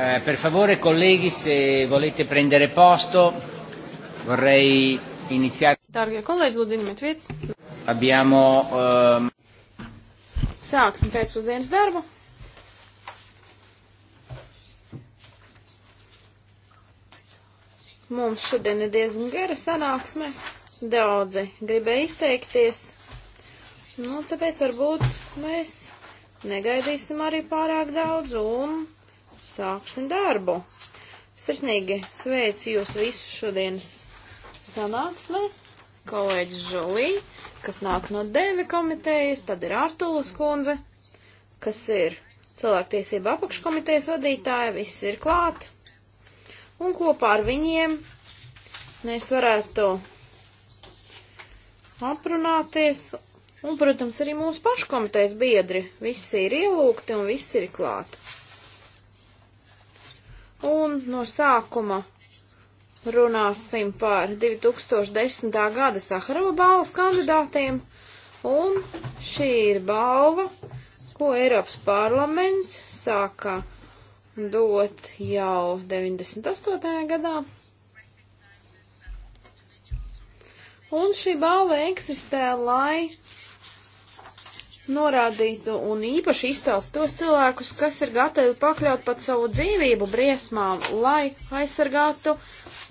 Eh, per favore colleghi, se volete prendere posto, vorrei iniziare. Dargie colleghi, lūdzu, ņemiet vietas. Abbiamo... Um... Sāksim pēcpusdienas darbu. Mums šodien ir diezgan gara sanāksme. Daudzi gribēja izteikties. Nu, tāpēc varbūt mēs negaidīsim arī pārāk daudz un sāksim darbu. Sirsnīgi sveicu jūs visus šodienas sanāksmē. Kolēģis Žolī, kas nāk no Devi komitejas, tad ir Artulas kundze, kas ir cilvēktiesība apakškomitejas vadītāja, viss ir klāt. Un kopā ar viņiem mēs varētu aprunāties Un, protams, arī mūsu paškomitejas biedri. Visi ir ielūgti un visi ir klāt. Un no sākuma runāsim par 2010. gada Saharova balvas kandidātiem. Un šī ir balva, ko Eiropas parlaments sāka dot jau 98. gadā. Un šī balva eksistē, lai norādītu un īpaši izcelstu tos cilvēkus, kas ir gatavi pakļaut pat savu dzīvību briesmām, lai aizsargātu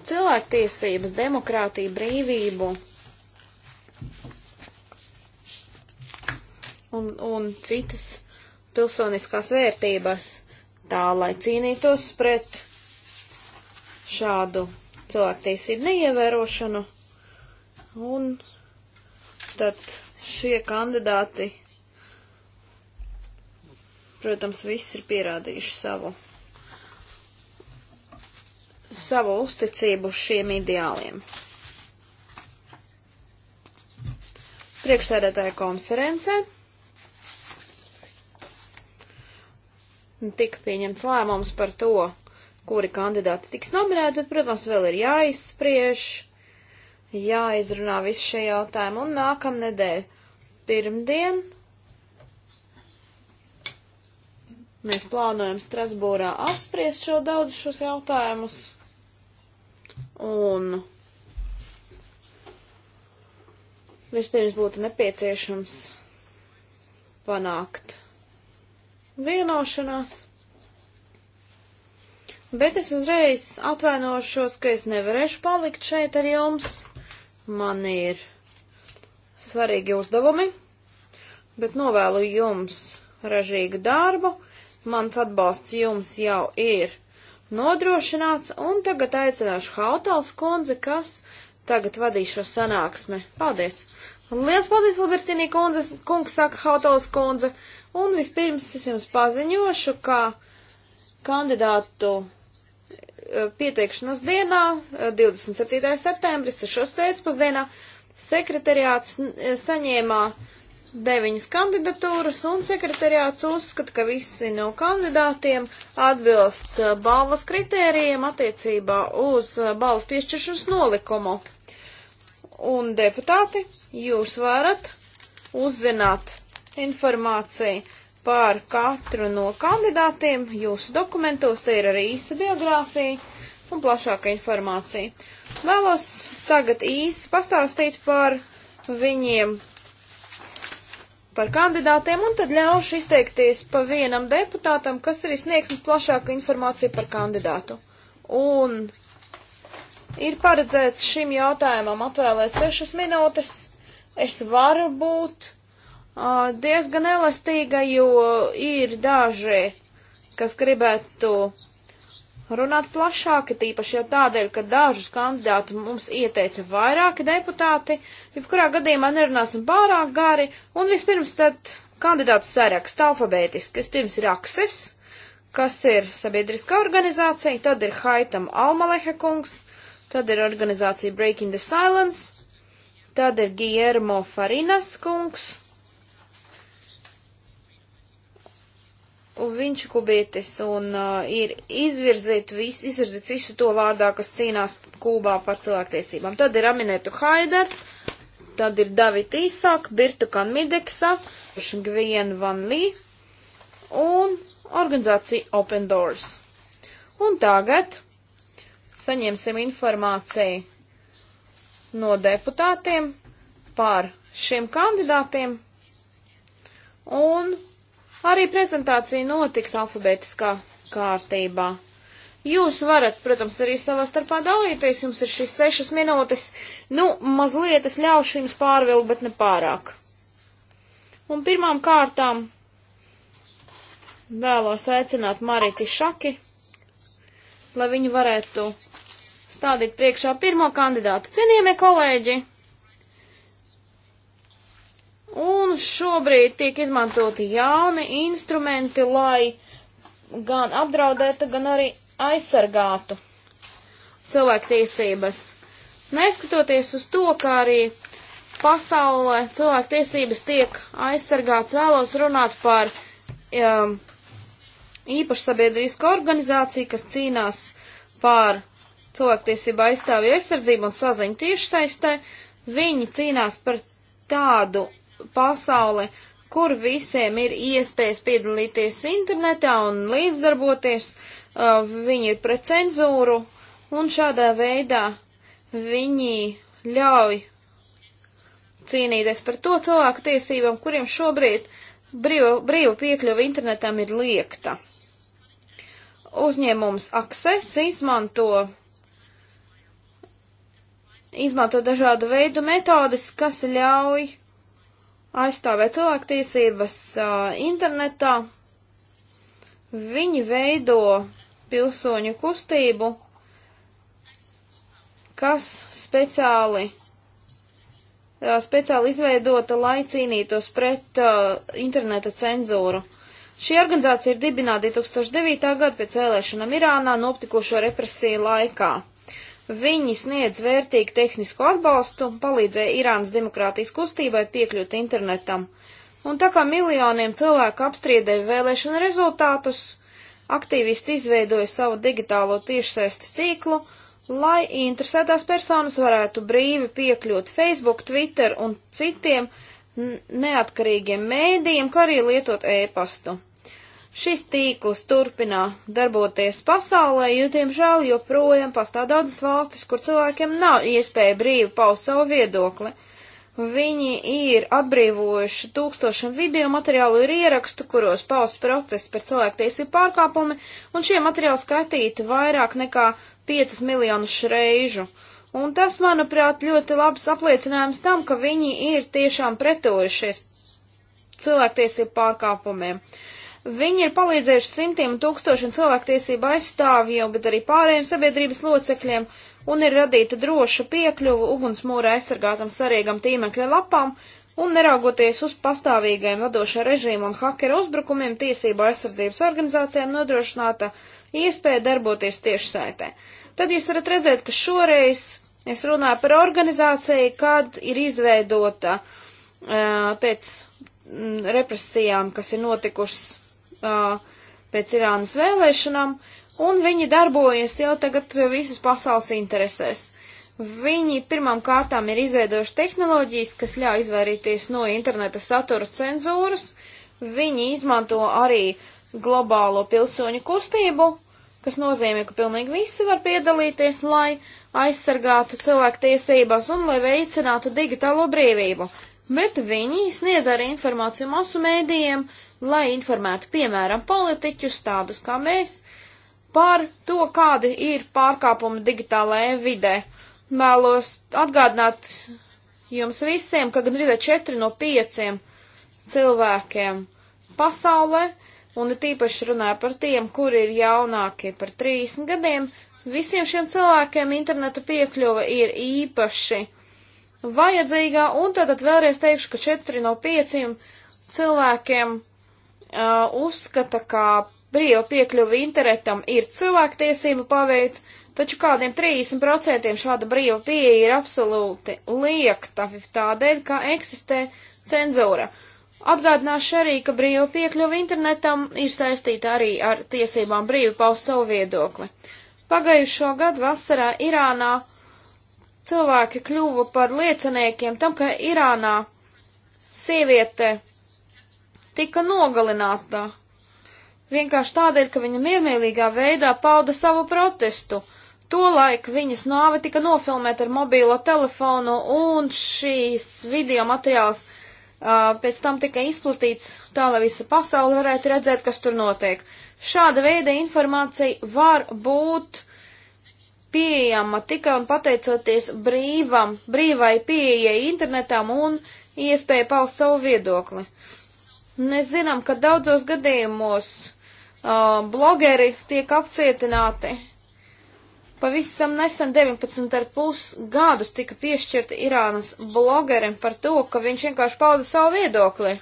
cilvēktiesības, demokrātiju, brīvību un, un citas pilsoniskās vērtības, tā lai cīnītos pret šādu cilvēktiesību neievērošanu. Un tad šie kandidāti Protams, viss ir pierādījuši savu, savu uzticību šiem ideāliem. Priekšsēdētāja konferencē tika pieņemts lēmums par to, kuri kandidāti tiks nominēti, bet, protams, vēl ir jāizspriež, jāizrunā viss šie jautājumi, un nākamnedēļ pirmdien Mēs plānojam Strasbūrā apspriest šo daudz šos jautājumus. Un vispirms būtu nepieciešams panākt vienošanās. Bet es uzreiz atvainošos, ka es nevarēšu palikt šeit ar jums. Man ir svarīgi uzdevumi, bet novēlu jums ražīgu darbu mans atbalsts jums jau ir nodrošināts, un tagad aicināšu Hautals kundzi, kas tagad vadīs šo sanāksmi. Paldies! Liels paldies, Libertīnī kundze, kungs saka Hautals kundze, un vispirms es jums paziņošu, ka kandidātu e, pieteikšanas dienā, 27. septembris, 6. pēcpusdienā, sekretariāts e, saņēmā uh, deviņas kandidatūras, un sekretariāts uzskata, ka visi no kandidātiem atbilst eh, balvas kritērijiem attiecībā uz eh, balvas piešķiršanas nolikumu. Un deputāti, jūs varat uzzināt informāciju par katru no kandidātiem. Jūsu dokumentos te ir arī īsa biogrāfija un plašāka informācija. Vēlos tagad īsi pastāstīt par viņiem par kandidātiem un tad ļaušu izteikties pa vienam deputātam, kas arī sniegs mums plašāku informāciju par kandidātu. Un ir paredzēts šim jautājumam atvēlēt sešas minūtes. Es varu būt uh, diezgan elastīga, jo ir daži, kas gribētu runāt plašāk, tīpaši jau tādēļ, ka dažus kandidātus mums ieteica vairāki deputāti, jebkurā gadījumā nerunāsim pārāk gari, un vispirms tad kandidātu saraksts alfabētiski. Vispirms ir Akses, kas ir sabiedriska organizācija, tad ir Haitam Almaleha kungs, tad ir organizācija Breaking the Silence, tad ir Guillermo Farinas kungs, viņš kubietis un uh, ir izvirzīt vis, izvirzīts visu to vārdā, kas cīnās Kūbā par cilvēktiesībām. Tad ir Aminētu Haider, tad ir David Īsāk, Birtu Kanmideksa, Gvien Van Lī un organizācija Open Doors. Un tagad saņemsim informāciju no deputātiem par šiem kandidātiem un Arī prezentācija notiks alfabētiskā kārtībā. Jūs varat, protams, arī savā starpā dalīties, jums ir šīs sešas minūtes, nu, mazliet es ļaušu jums pārvilkt, bet ne pārāk. Un pirmām kārtām vēlos aicināt Marīti Šaki, lai viņi varētu stādīt priekšā pirmo kandidātu. Cienījamie kolēģi! Un šobrīd tiek izmantoti jauni instrumenti, lai gan apdraudētu, gan arī aizsargātu cilvēktiesības. Neskatoties uz to, ka arī pasaulē cilvēktiesības tiek aizsargāts, vēlos runāt par um, īpašu sabiedrisku organizāciju, kas cīnās par cilvēktiesību aizstāvju aizsardzību un saziņu tiešsaistē. Viņi cīnās par tādu pasauli, kur visiem ir iespējas piedalīties internetā un līdzdarboties, uh, viņi ir pret cenzūru, un šādā veidā viņi ļauj cīnīties par to cilvēku tiesībām, kuriem šobrīd brīva, brīva piekļuva internetam ir liekta. Uzņēmums Access izmanto, izmanto dažādu veidu metodes, kas ļauj aizstāvēt cilvēktiesības uh, internetā. Viņi veido pilsoņu kustību, kas speciāli, uh, speciāli izveidota, lai cīnītos pret uh, interneta cenzūru. Šī organizācija ir dibināta 2009. gada pēc vēlēšanām Irānā noptikušo represiju laikā. Viņi sniedz vērtīgu tehnisku atbalstu, palīdzēja Irānas demokrātijas kustībai piekļūt internetam. Un tā kā miljoniem cilvēku apstriedēja vēlēšana rezultātus, aktīvisti izveidoja savu digitālo tiešsaistes tīklu, lai interesētās personas varētu brīvi piekļūt Facebook, Twitter un citiem neatkarīgiem mēdījiem, kā arī lietot e-pastu. Šis tīkls turpinā darboties pasaulē, jo, diemžēl, joprojām pastāv daudzas valstis, kur cilvēkiem nav iespēja brīvi paust savu viedokli. Viņi ir atbrīvojuši tūkstošiem video materiālu ir ierakstu, kuros paust protestu par cilvēktiesību pārkāpumi, un šie materiāli skaitīti vairāk nekā 5 miljonus reižu. Un tas, manuprāt, ļoti labs apliecinājums tam, ka viņi ir tiešām pretojušies cilvēktiesību pārkāpumiem. Viņi ir palīdzējuši simtiem tūkstošiem cilvēktiesību aizstāvjiem, bet arī pārējiem sabiedrības locekļiem, un ir radīta droša piekļuva ugunsmūra aizsargātam sarīgam tīmekļa lapām, un neraugoties uz pastāvīgajiem vadošā režīma un hakeru uzbrukumiem, tiesību aizsardzības organizācijām nodrošināta iespēja darboties tiešsaitē. Tad jūs varat redzēt, ka šoreiz es runāju par organizāciju, kad ir izveidota uh, pēc mm, represijām, kas ir notikušas uh, pēc Irānas vēlēšanām, un viņi darbojas jau tagad visas pasaules interesēs. Viņi pirmām kārtām ir izveidojuši tehnoloģijas, kas ļauj izvairīties no interneta satura cenzūras. Viņi izmanto arī globālo pilsoņu kustību, kas nozīmē, ka pilnīgi visi var piedalīties, lai aizsargātu cilvēku tiesībās un lai veicinātu digitālo brīvību bet viņi sniedz arī informāciju masu mēdījiem, lai informētu, piemēram, politiķus tādus kā mēs par to, kādi ir pārkāpumi digitālajā vidē. Vēlos atgādināt jums visiem, ka gandrīz 4 no 5 cilvēkiem pasaulē, un it īpaši runāju par tiem, kuri ir jaunākie par 30 gadiem, visiem šiem cilvēkiem interneta piekļuva ir īpaši vajadzīgā, un tātad vēlreiz teikšu, ka 4 no 5 cilvēkiem uh, uzskata, ka brīva piekļuva internetam ir cilvēktiesība paveic, taču kādiem 30% šāda brīva pieeja ir absolūti liekta, tādēļ, ka eksistē cenzūra. Atgādināšu arī, ka brīva piekļuva internetam ir saistīta arī ar tiesībām brīvi paust savu viedokli. Pagājušo gadu vasarā Irānā cilvēki kļuva par lieciniekiem tam, ka Irānā sieviete tika nogalināta vienkārši tādēļ, ka viņa miermīlīgā veidā pauda savu protestu. Tolaik viņas nāve tika nofilmēta ar mobīlo telefonu, un šīs video materiāls uh, pēc tam tika izplatīts tā, lai visa pasaule varētu redzēt, kas tur notiek. Šāda veida informācija var būt uh, pieejama tikai un pateicoties brīvam, brīvai pieejai internetam un iespēja paust savu viedokli. Mēs zinām, ka daudzos gadījumos uh, blogeri tiek apcietināti. Pavisam nesen 19,5 gadus tika piešķirta Irānas blogerim par to, ka viņš vienkārši pauda savu viedokli.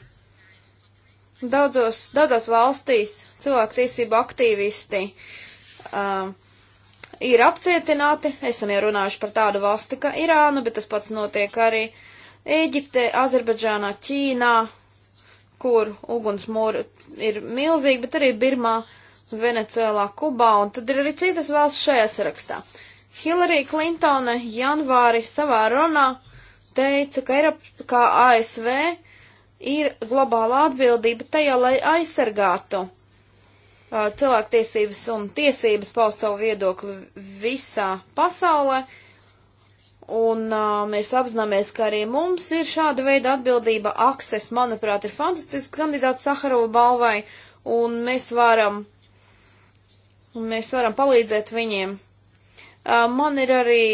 Daudzos, daudzās valstīs cilvēktiesību aktīvisti uh, ir apcietināti. Esam jau runājuši par tādu valsti kā Irānu, bet tas pats notiek arī Ēģipte, Azerbaidžānā, Ķīnā, kur ugunsmūri ir milzīgi, bet arī Birmā, Venecuēlā, Kubā, un tad ir arī citas valsts šajā sarakstā. Hillary Clintone janvāri savā runā teica, ka, Eiropa, ka ASV ir globāla atbildība tajā, lai aizsargātu cilvēktiesības un tiesības paust savu viedokli visā pasaulē. Un uh, mēs apzināmies, ka arī mums ir šāda veida atbildība. Akses, manuprāt, ir fantastisks kandidāts Saharova balvai, un mēs varam, un mēs varam palīdzēt viņiem. Uh, man ir arī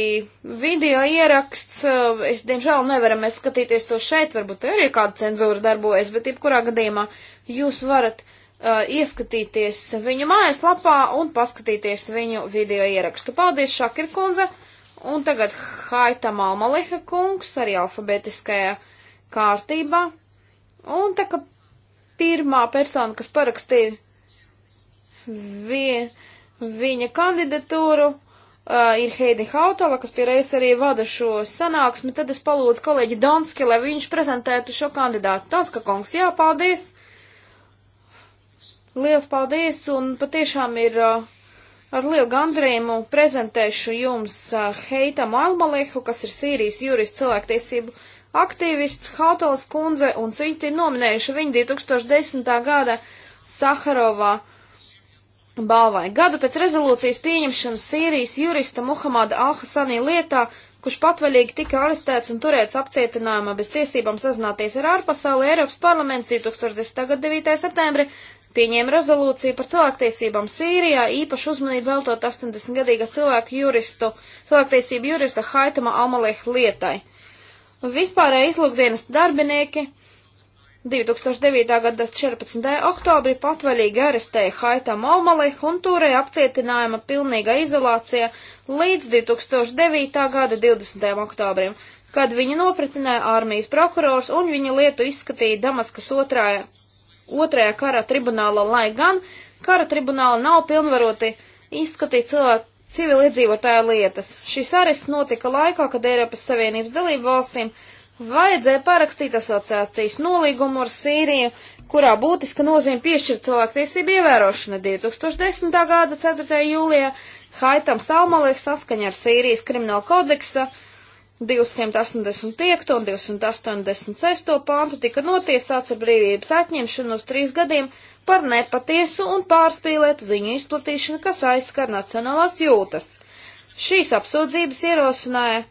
video ieraksts, uh, es diemžēl nevaram skatīties to šeit, varbūt arī kāda cenzūra darbojas, bet jebkurā gadījumā jūs varat uh, uh, ieskatīties viņu mājaslapā un paskatīties viņu video ierakstu. Paldies, Šakir kundze! Un tagad Haita Malmaleha kungs arī alfabetiskajā kārtībā. Un tā kā pirmā persona, kas parakstīja vi, viņa kandidatūru, uh, ir Heidi Hautala, kas pierēs arī vada šo sanāksmi, tad es palūdzu kolēģi Donski, lai viņš prezentētu šo kandidātu. Donska kungs, jā, paldies! Liels paldies un patiešām ir uh, ar lielu gandrījumu prezentēšu jums uh, Heitam Almalehu, kas ir Sīrijas jurists cilvēktiesību aktīvists, Hautals kundze un citi ir nominējuši viņu 2010. gada Saharovā balvai. Gadu pēc rezolūcijas pieņemšanas Sīrijas jurista Muhamada Alhasanī lietā, kurš patvaļīgi tika arestēts un turēts apcietinājumā bez tiesībām sazināties ar ārpasauli, Eiropas parlaments 2010. gada 9. septembri pieņēma rezolūciju par cilvēktiesībām Sīrijā, īpaši uzmanību veltot 80-gadīga cilvēku juristu, cilvēktiesību jurista Haitama Amalieha lietai. Vispārēji izlūkdienas darbinieki 2009. gada 14. oktobrī patvaļīgi arestēja Haitamu Amaliehu un turēja apcietinājuma pilnīgā izolācija līdz 2009. gada 20. oktobrim, kad viņu nopratināja armijas prokurors un viņa lietu izskatīja Damaskas otrajā otrajā kara tribunālā, lai gan kara tribunāla nav pilnvaroti izskatīt cilvēku civiliedzīvotāju lietas. Šis arests notika laikā, kad Eiropas Savienības dalību valstīm vajadzēja parakstīt asociācijas nolīgumu ar Sīriju, kurā būtiska nozīme piešķirt cilvēktiesību ievērošana 2010. gada 4. jūlijā Haitam Salmalīks saskaņā ar Sīrijas krimināla kodeksa 285 un 286 pāntu tika notiesāts ar brīvības atņemšanu uz trīs gadiem par nepatiesu un pārspīlētu ziņu izplatīšanu, kas aizskar nacionālās jūtas. Šīs apsūdzības ierosināja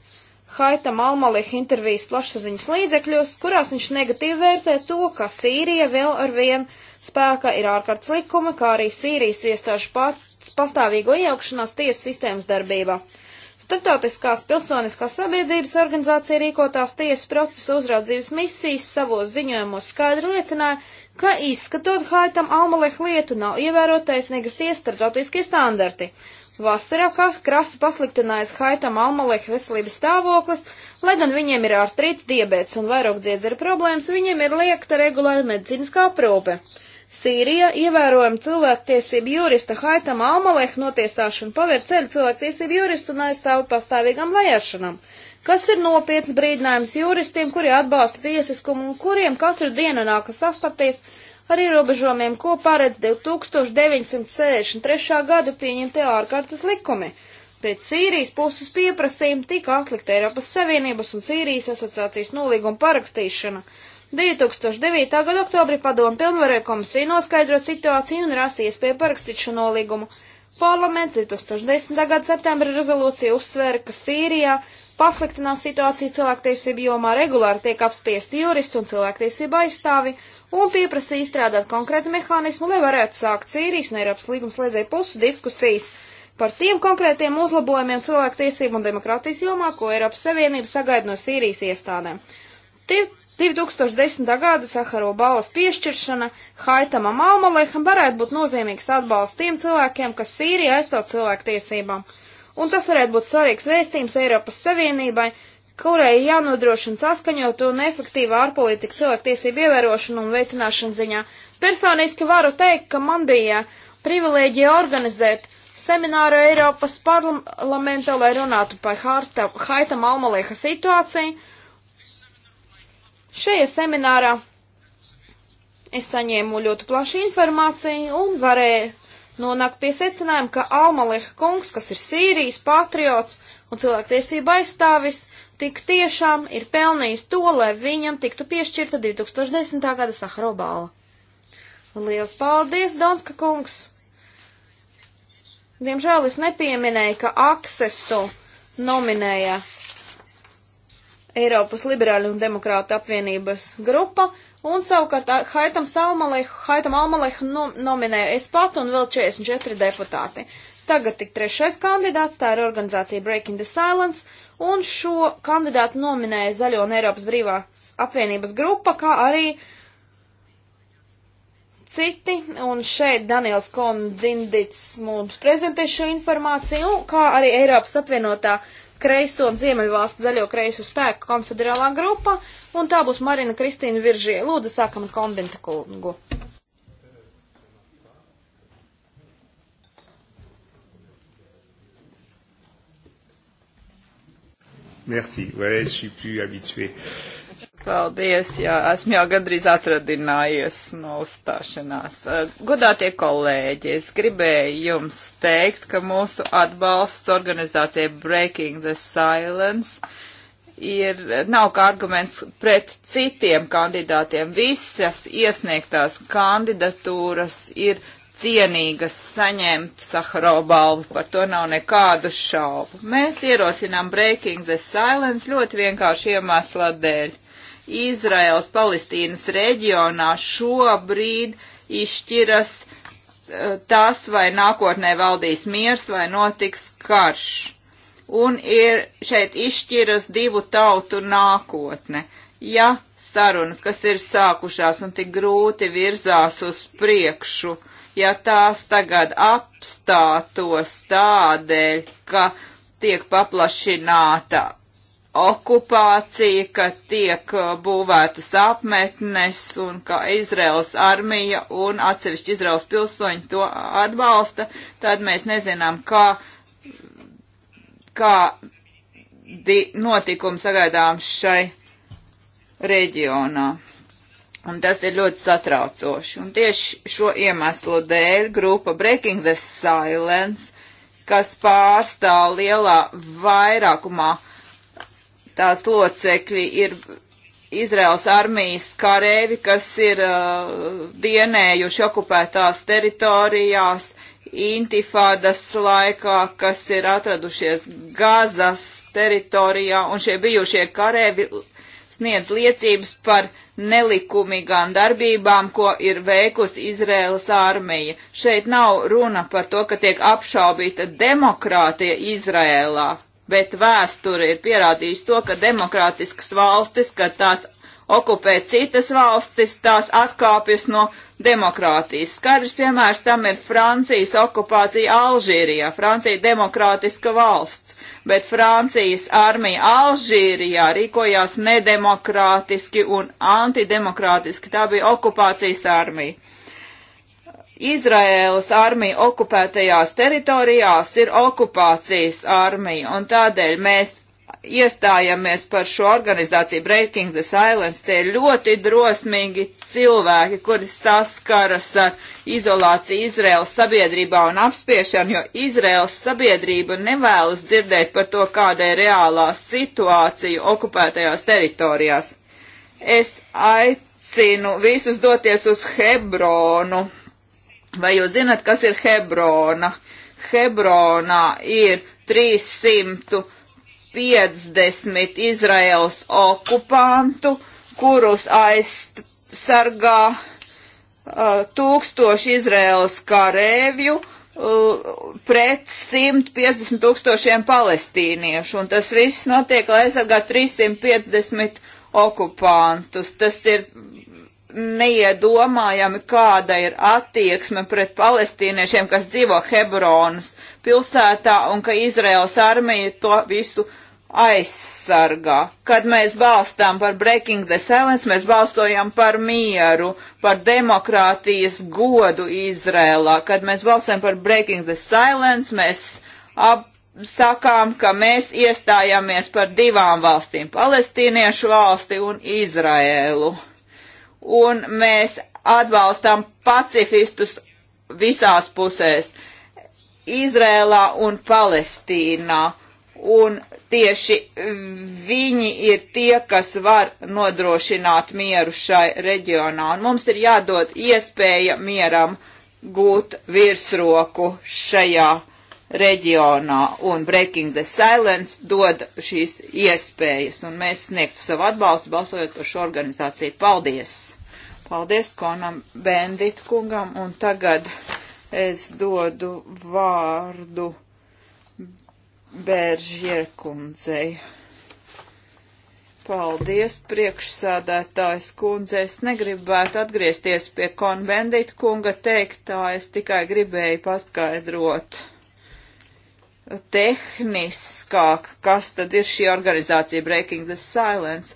Haita Malmalih intervijas plašsaziņas līdzekļos, kurās viņš negatīvi vērtē to, ka Sīrija vēl ar vien spēkā ir ārkārtas likuma, kā arī Sīrijas iestāžu pastāvīgo iejaukšanās tiesu sistēmas darbībā. Startautiskās pilsoniskās sabiedrības organizācija rīkotās tiesas procesa uzraudzības misijas savos ziņojumos skaidri liecināja, ka izskatot Haitam Almaleh lietu nav ievērotais negas tiesas startautiskie standarti. Vasarā krasi pasliktinājas Haitam Almaleh veselības stāvoklis, lai gan viņiem ir artrīts, diabets un vairāk dziedzera problēmas, viņiem ir liekta regulāra medicīniskā aprūpe. Sīrijā ievērojama cilvēktiesība jurista Haitam Almaleh notiesāšana pavēr ceļu cilvēktiesību juristu un aizstāvi pastāvīgam vajāšanam, kas ir nopietns brīdinājums juristiem, kuri atbalsta tiesiskumu un kuriem katru dienu nākas sastapties ar ierobežojumiem, ko paredz 1963. gadu pieņemtie ārkārtas likumi. Pēc Sīrijas puses pieprasījuma tika atlikta Eiropas Savienības un Sīrijas asociācijas nolīguma parakstīšana 2009. gada oktobri padomu pilnvarēja komisija noskaidrot situāciju un rasties pie parakstīt šo nolīgumu. Parlaments 2010. gada septembra rezolūcija uzsvēra, ka Sīrijā pasliktinās situācija cilvēktiesību jomā regulāri tiek apspiesti juristi un cilvēktiesību aizstāvi un pieprasa izstrādāt konkrētu mehānismu, lai varētu sākt Sīrijas un Eiropas līgums slēdzēju puses diskusijas par tiem konkrētiem uzlabojumiem cilvēktiesību un demokrātijas jomā, ko Eiropas Savienība sagaida no Sīrijas iestādēm. 2010. gada Sakaro balvas piešķiršana Haitamam Almalekam varētu būt nozīmīgs atbalsts tiem cilvēkiem, kas Sīrijā aizstāv cilvēktiesībām. Un tas varētu būt svarīgs vēstījums Eiropas Savienībai, kurai jānodrošina saskaņot un efektīvu ārpolitiku cilvēktiesību ievērošanu un veicināšanu ziņā. Personiski varu teikt, ka man bija privilēģija organizēt semināru Eiropas parlamentā, lai runātu par Haitam Almaleka situāciju Šajā seminārā es saņēmu ļoti plašu informāciju un varēju nonākt pie secinājuma, ka Almaleha kungs, kas ir Sīrijas patriots un cilvēktiesība aizstāvis, tik tiešām ir pelnījis to, lai viņam tiktu piešķirta 2010. gada Sahara balva. Lielas paldies, Donska kungs! Diemžēl es nepieminēju, ka Aksesu nominēja Eiropas Liberāļu un Demokrātu apvienības grupa, un savukārt Haitam Salmalehu, Haitam Almalehu no, nominēju es pat un vēl 44 deputāti. Tagad tik trešais kandidāts, tā ir organizācija Breaking the Silence, un šo kandidātu nominēja Zaļo un Eiropas Brīvās apvienības grupa, kā arī citi, un šeit Daniels Komdindits mums prezentē šo informāciju, kā arī Eiropas apvienotā uh, kreiso Ziemeļvalstu zaļo kreiso spēku konfederālā grupa, un tā būs Marina Kristīna Viržie. Lūdzu, sākam ar konventa kungu. Merci, ouais, je suis plus habitué. Euh, Paldies, jā, esmu jau gandrīz atradinājies no uzstāšanās. Eh, godātie kolēģi, es gribēju jums teikt, ka mūsu atbalsts organizācijai Breaking the Silence ir, nav kā arguments pret citiem kandidātiem. Visas iesniegtās kandidatūras ir cienīgas saņemt Saharov balvu, par to nav nekādu šaubu. Mēs ierosinām Breaking the Silence ļoti vienkārši iemesla dēļ. Izraels Palestīnas reģionā šobrīd izšķiras eh, tas, vai nākotnē valdīs miers vai notiks karš. Un ir šeit izšķiras divu tautu nākotne. Ja sarunas, kas ir sākušās un tik grūti virzās uz priekšu, ja tās tagad apstātos tādēļ, ka tiek paplašināta okupācija, ka tiek uh, būvētas apmetnes un ka Izraels armija un atsevišķi Izraels pilsoņi to atbalsta, tad mēs nezinām, kā, kā notikumi sagaidām šai reģionā. Un tas ir ļoti satraucoši. Un tieši šo iemeslu dēļ grupa Breaking the Silence, kas pārstāv lielā vairākumā uh, tās locekļi ir Izraels armijas karēvi, kas ir uh, dienējuši okupētās teritorijās, intifādas laikā, kas ir atradušies Gazas teritorijā, un šie bijušie karēvi sniedz liecības par nelikumīgām darbībām, ko ir veikusi Izraēlas armija. Šeit nav runa par to, ka tiek apšaubīta demokrātija Izrēlā bet vēsture ir pierādījusi to, ka demokrātiskas valstis, kad tās okupē citas valstis, tās atkāpjas no demokrātijas. Skaidrs piemērs tam ir Francijas okupācija Alžīrijā. Francija ir demokrātiska valsts, bet Francijas armija Alžīrijā rīkojās nedemokrātiski un antidemokrātiski. Tā bija okupācijas armija. Izraēlas armija okupētajās teritorijās ir okupācijas armija, un tādēļ mēs iestājamies par šo organizāciju Breaking the Silence. Tie ir ļoti drosmīgi cilvēki, kuri saskaras ar izolāciju Izraēlas sabiedrībā un apspiešanu, jo Izraēlas sabiedrība nevēlas dzirdēt par to, kāda ir reālā situācija okupētajās teritorijās. Es aicinu visus doties uz Hebronu Vai jūs zinat, kas ir Hebrona? Hebronā ir 350 Izraels okupantu, kurus aizsargā uh, tūkstoši Izraels karēvju uh, pret 150 tūkstošiem palestīniešu. Un tas viss notiek, lai aizsargā 350 okupantus. Tas ir neiedomājami, kāda ir attieksme pret palestīniešiem, kas dzīvo Hebronas pilsētā un ka Izraels armija to visu aizsargā. Kad mēs balstām par Breaking the Silence, mēs balstojam par mieru, par demokrātijas godu Izrēlā. Kad mēs balstojam par Breaking the Silence, mēs ap sakām, ka mēs iestājāmies par divām valstīm - palestīniešu valsti un Izraēlu un mēs atbalstām pacifistus visās pusēs - Izrēlā un Palestīnā. Un tieši viņi ir tie, kas var nodrošināt mieru šai reģionā. Un mums ir jādod iespēja mieram gūt virsroku šajā reģionā, un Breaking the Silence dod šīs iespējas, un mēs sniegtu savu atbalstu balsojot par šo organizāciju. Paldies! Paldies Konam Bendit kungam, un tagad es dodu vārdu Bēržierkundzei. Paldies, priekšsādātājs kundze. Es negribētu atgriezties pie konvendīta kunga teiktā, es tikai gribēju paskaidrot tehniskāk, kas tad ir šī organizācija Breaking the Silence.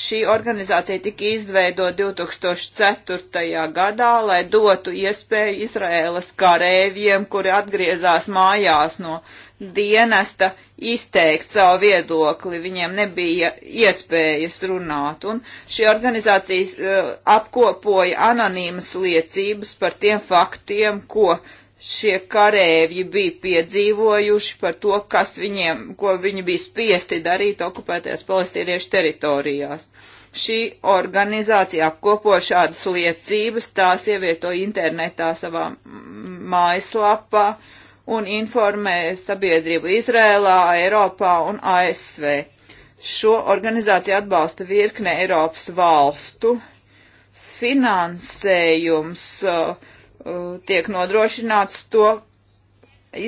Šī organizācija tika izveidota 2004. gadā, lai dotu iespēju Izraēlas karēviem, kuri atgriezās mājās no dienesta, izteikt savu viedokli. Viņiem nebija iespējas runāt. Un šī organizācija eh, apkopoja anonīmas liecības par tiem faktiem, ko uh, šie karēvji bija piedzīvojuši par to, kas viņiem, ko viņi bija spiesti darīt okupētajās palestīniešu teritorijās. Šī organizācija apkopo šādas liecības, tās ievieto internetā savā mājaslapā un informē sabiedrību Izrēlā, Eiropā un ASV. Šo organizāciju atbalsta virkne Eiropas valstu. Finansējums uh, Eh, tiek nodrošināts to,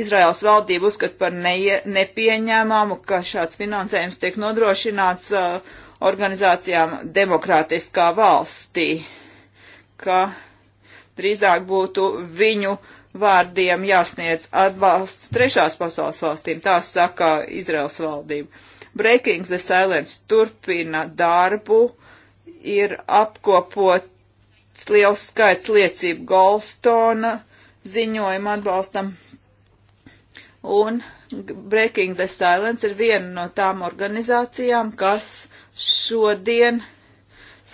Izraels valdība uzskata par ne, nepieņēmāmu, ka šāds finansējums tiek nodrošināts uh, organizācijām demokrātiskā valstī, ka drīzāk būtu viņu vārdiem jāsniedz atbalsts trešās pasaules valstīm, tā saka Izraels valdība. Breaking the Silence turpina darbu, ir apkopot liels skaits liecību Goldstone ziņojumu atbalstam. Un Breaking the Silence ir viena no tām organizācijām, kas šodien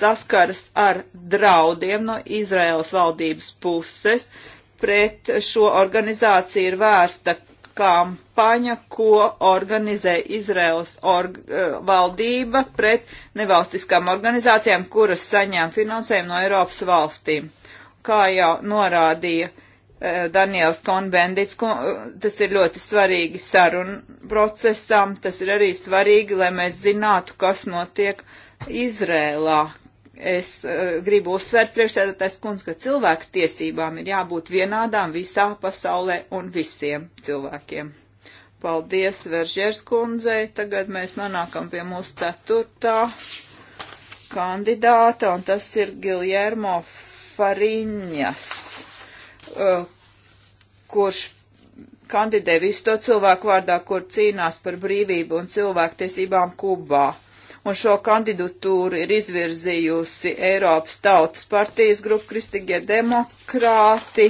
saskaras ar draudiem no Izraēlas valdības puses. Pret šo organizāciju ir vērsta kampaņa, ko organizē Izraels org eh, valdība pret nevalstiskām organizācijām, kuras saņem finansējumu no Eiropas valstīm. Kā jau norādīja eh, Daniels Konbendits, eh, tas ir ļoti svarīgi sarunu procesam, tas ir arī svarīgi, lai mēs zinātu, kas notiek Izrēlā, Es uh, gribu uzsvērt priekšsēdētājs kundz, ka cilvēku tiesībām ir jābūt vienādām visā pasaulē un visiem cilvēkiem. Paldies Veržers kundzei. Tagad mēs nonākam pie mūsu ceturtā kandidāta, un tas ir Giljermo Fariņas, uh, kurš kandidē visu to cilvēku vārdā, kur cīnās par brīvību un cilvēktiesībām Kubā un šo kandidatūru ir izvirzījusi Eiropas Tautas partijas grupa Kristīgie demokrāti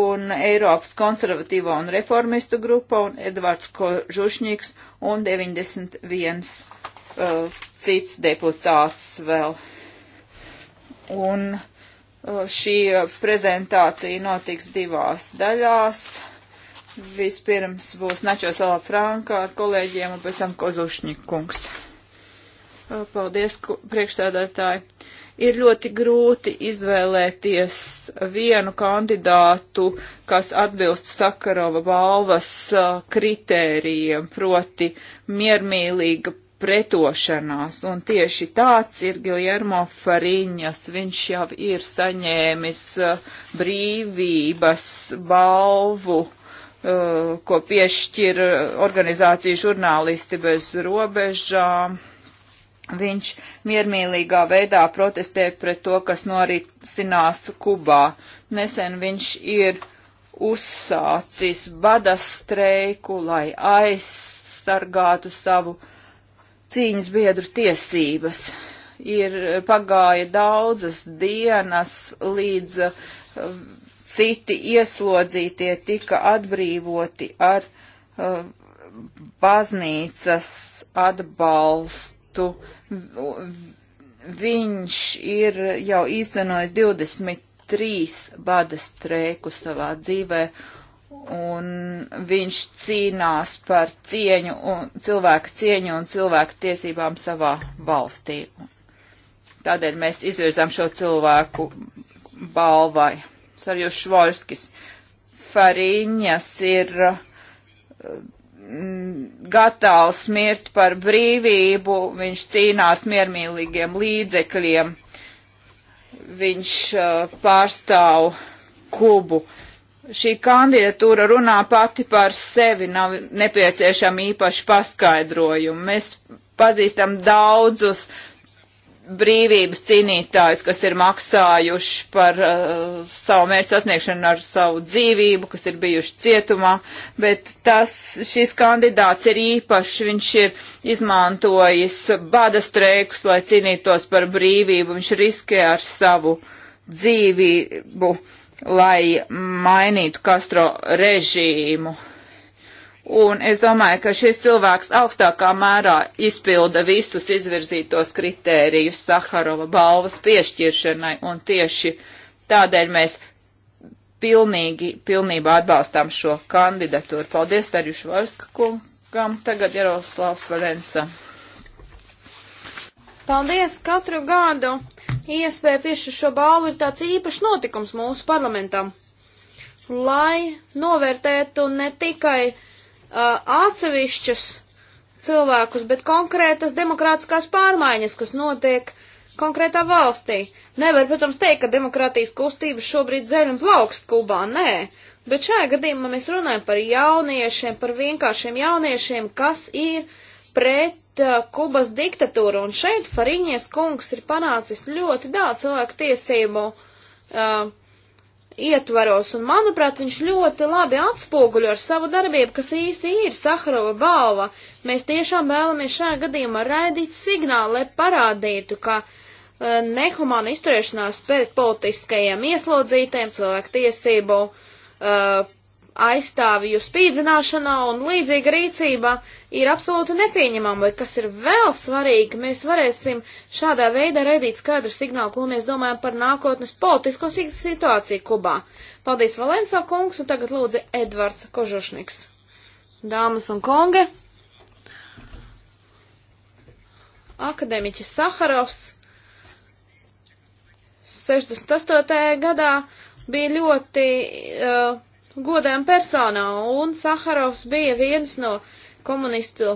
un Eiropas konservatīvo un reformistu grupa un Edvards Kožušņīgs un 91 uh, cits deputāts vēl. Un uh, šī prezentācija notiks divās daļās. Vispirms būs Načo Salafranka ar kolēģiem un pēc tam Kozušņikungs. Paldies, priekšstādātāji. Ir ļoti grūti izvēlēties vienu kandidātu, kas atbilst Sakarova balvas kritērijiem, proti miermīlīga pretošanās. Un tieši tāds ir Giljermo Fariņas. Viņš jau ir saņēmis brīvības balvu ko piešķir organizācija žurnālisti bez robežām Viņš miermīlīgā veidā protestē pret to, kas norisinās Kubā. Nesen viņš ir uzsācis bada streiku, lai aizsargātu savu cīņas biedru tiesības. Ir pagāja daudzas dienas līdz uh, citi ieslodzītie tika atbrīvoti ar uh, baznīcas atbalstu. Uh, Viņš ir jau īstenojis 23 bada streiku savā dzīvē, un viņš cīnās par cieņu un cilvēku cieņu un cilvēku tiesībām savā valstī. Tādēļ mēs izvirzām šo cilvēku balvai. Sarjus Švorskis. Fariņas ir uh, Mm, gatavs mirt par brīvību, viņš cīnās miermīlīgiem līdzekļiem, viņš uh, pārstāv kubu. Šī kandidatūra runā pati par sevi, nav nepieciešama īpaši paskaidrojumi. Mēs pazīstam daudzus brīvības cīnītājus, kas ir maksājuši par uh, savu mērķu sasniegšanu ar savu dzīvību, kas ir bijuši cietumā, bet tas, šis kandidāts ir īpašs, viņš ir izmantojis bada streikus, lai cīnītos par brīvību, viņš riskē ar savu dzīvību, lai mainītu Kastro režīmu. Uh, Un es domāju, ka šis cilvēks augstākā mērā izpilda visus izvirzītos kritērijus Saharova balvas piešķiršanai, un tieši tādēļ mēs pilnīgi, pilnībā atbalstām šo kandidatūru. Paldies arī Švarska kungam, tagad Jaroslavs Valensa. Paldies katru gadu! Iespēja piešķirt šo balvu ir tāds īpašs notikums mūsu parlamentam, lai novērtētu ne tikai atsevišķus cilvēkus, bet konkrētas demokrātiskās pārmaiņas, kas notiek konkrētā valstī. Nevar, protams, teikt, ka demokrātijas kustības šobrīd dzēļ un plaukst Kubā, nē, bet šajā gadījumā mēs runājam par jauniešiem, par vienkāršiem jauniešiem, kas ir pret uh, Kubas diktatūru, un šeit Fariņies kungs ir panācis ļoti daudz cilvēku tiesību uh, ietvaros, un manuprāt, viņš ļoti labi atspoguļo ar savu darbību, kas īsti ir Saharova balva. Mēs tiešām vēlamies šajā gadījumā raidīt signālu, lai parādītu, ka uh, nehumāna izturēšanās pret politiskajiem ieslodzītiem cilvēku tiesību uh, e, aizstāvju spīdzināšanā un līdzīga rīcība ir absolūti nepieņemama, bet kas ir vēl svarīgi, mēs varēsim šādā veidā redīt skaidru signālu, ko mēs domājam par nākotnes politisko situāciju Kubā. Paldies Valenco kungs un tagad lūdzu Edvards Kožušniks. Dāmas un konge, akadēmiķis Saharovs 68. gadā bija ļoti uh, godējam personā, un Saharovs bija viens no komunistu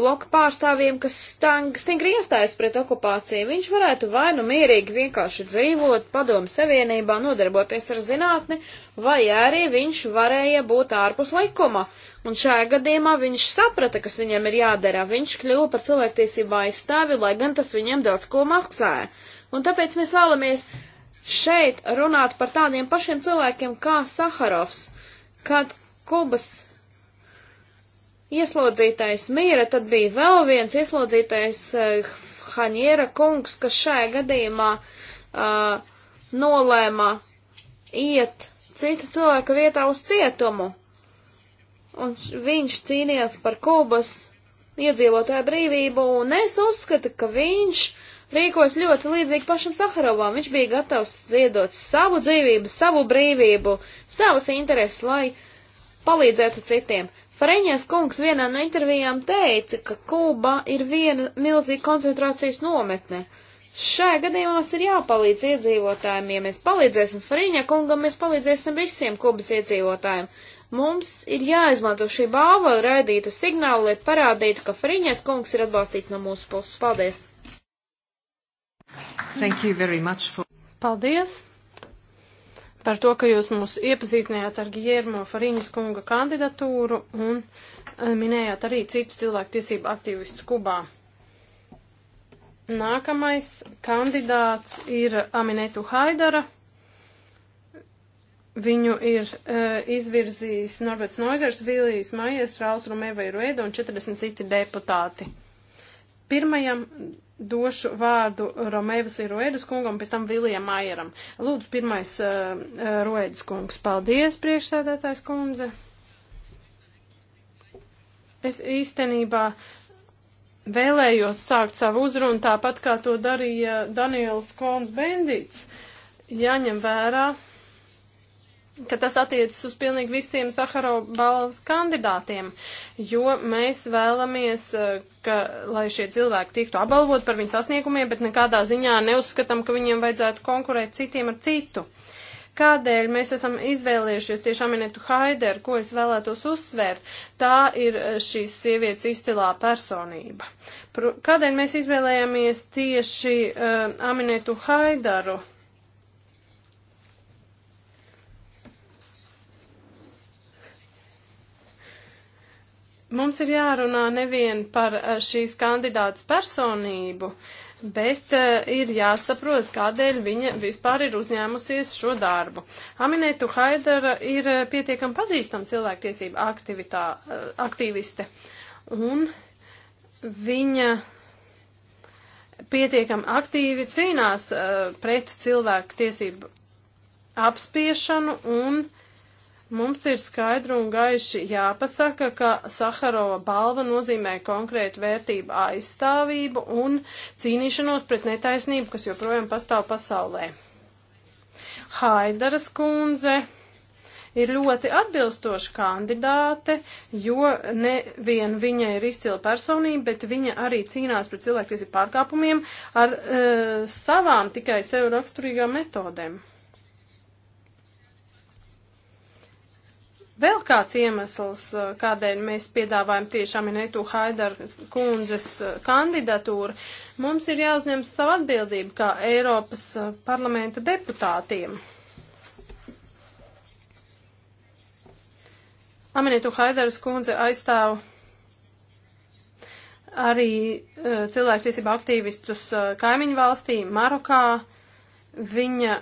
bloka pārstāvjiem, kas stang, stingri iestājas pret okupāciju. Viņš varētu vai nu mierīgi vienkārši dzīvot padomu savienībā, nodarboties ar zinātni, vai arī viņš varēja būt ārpus likuma. Un šajā gadījumā viņš saprata, kas viņam ir jādara. Viņš kļuva par cilvēktiesību aizstāvi, lai gan tas viņam daudz ko maksāja. Un tāpēc mēs vēlamies šeit runāt par tādiem pašiem cilvēkiem kā Saharovs kad Kubas ieslodzītais mīra, tad bija vēl viens ieslodzītais uh, Haniera kungs, kas šajā gadījumā uh, nolēma iet cita cilvēka vietā uz cietumu. Un viņš cīnījās par Kubas iedzīvotāju brīvību, un es uzskatu, ka viņš uh, rīkojas ļoti līdzīgi pašam Saharovam. Viņš bija gatavs ziedot savu dzīvību, savu brīvību, savas intereses, lai palīdzētu citiem. Fareņies kungs vienā no intervijām teica, ka Kuba ir viena milzīga koncentrācijas nometne. Šajā gadījumā ir jāpalīdz iedzīvotājiem. Ja mēs palīdzēsim Fareņa kungam, mēs palīdzēsim visiem Kubas iedzīvotājiem. Mums ir jāizmanto šī bāva, raidītu signālu, lai parādītu, ka Fareņies kungs ir atbalstīts no mūsu puses. Paldies! Thank you very much for. Paldies par to, ka jūs mūs iepazīstinājāt ar Giermo Fariņas kunga kandidatūru un eh, minējāt arī citu cilvēku tiesību aktīvistu Kubā. Nākamais kandidāts ir Aminetu Haidara. Viņu ir uh, izvirzījis Norberts Noizers, Vilijas Maijas, Rauls Rumēvai Rueda un 40 citi deputāti. Pirmajam došu vārdu Romēvas ir Roēdas kungam, pēc tam Vilijam Aieram. Lūdzu, pirmais uh, uh Roēdas kungs. Paldies, priekšsēdētājs kundze. Es īstenībā vēlējos sākt savu uzrunu tāpat, kā to darīja Daniels Kons Bendits. Jāņem vērā, ka tas attiecas uz pilnīgi visiem Saharo balvas kandidātiem, jo mēs vēlamies uh, ka, lai šie cilvēki tiktu apbalvot par viņu sasniegumiem, bet nekādā ziņā neuzskatām, ka viņiem vajadzētu konkurēt citiem ar citu. Kādēļ mēs esam izvēlējušies tieši Aminetu Haideru, ko es vēlētos uzsvērt? Tā ir eh, šīs sievietes izcilā personība. Pr Kādēļ mēs izvēlējāmies tieši uh, Aminetu Haidaru? Uh, Mums ir jārunā nevien par eh, šīs kandidātas personību, bet uh, ir jāsaprot, kādēļ viņa vispār ir uzņēmusies šo darbu. Aminētu Haidara ir uh, eh, pietiekami pazīstama cilvēktiesība aktivitā, uh, aktīviste, un viņa pietiekami aktīvi cīnās uh, pret cilvēku tiesību apspiešanu un uh, Mums ir skaidri un gaiši jāpasaka, ka Saharova balva nozīmē konkrētu vērtību aizstāvību un cīnīšanos pret netaisnību, kas joprojām pastāv pasaulē. Haidaras kundze ir ļoti atbilstoša kandidāte, jo nevien viņa ir izcila personība, bet viņa arī cīnās pret cilvēktiesību pārkāpumiem ar e, savām tikai sev raksturīgām metodēm. Vēl kāds iemesls, uh, kādēļ mēs piedāvājam tiešām Inetu Haidar kundzes uh, kandidatūru, mums ir jāuzņem savu atbildību kā Eiropas uh, parlamenta deputātiem. Aminētu Haidaras kundze aizstāv arī cilvēktiesību aktīvistus kaimiņu valstī, Marokā. Viņa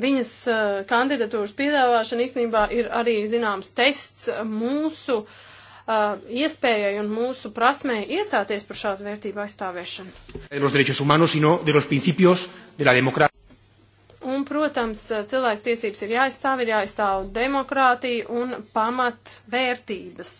Viņas eh, kandidatūras piedāvāšana īstenībā ir arī zināms tests mūsu uh, iespējai un mūsu prasmē iestāties par šādu vērtību aizstāviešanu. Un, protams, eh, cilvēku tiesības ir jāizstāv, ir jāizstāv demokrātija un pamatvērtības.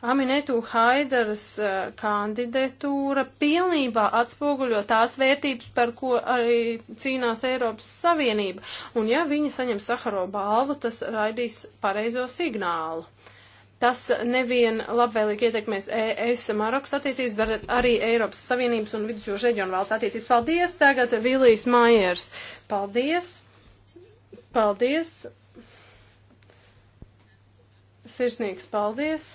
Aminetu Haidaras eh, kandidatūra pilnībā atspoguļo tās vērtības, par ko arī cīnās Eiropas Savienība. Un ja viņa saņem Saharo balvu, tas raidīs pareizo signālu. Tas nevien labvēlīgi ietekmēs ES Marokas attiecības, bet arī Eiropas Savienības un Vidusjūras reģionu valsts attiecības. Paldies! Tagad Vilijs Maiers. Paldies! Paldies! Sirsnīgs paldies!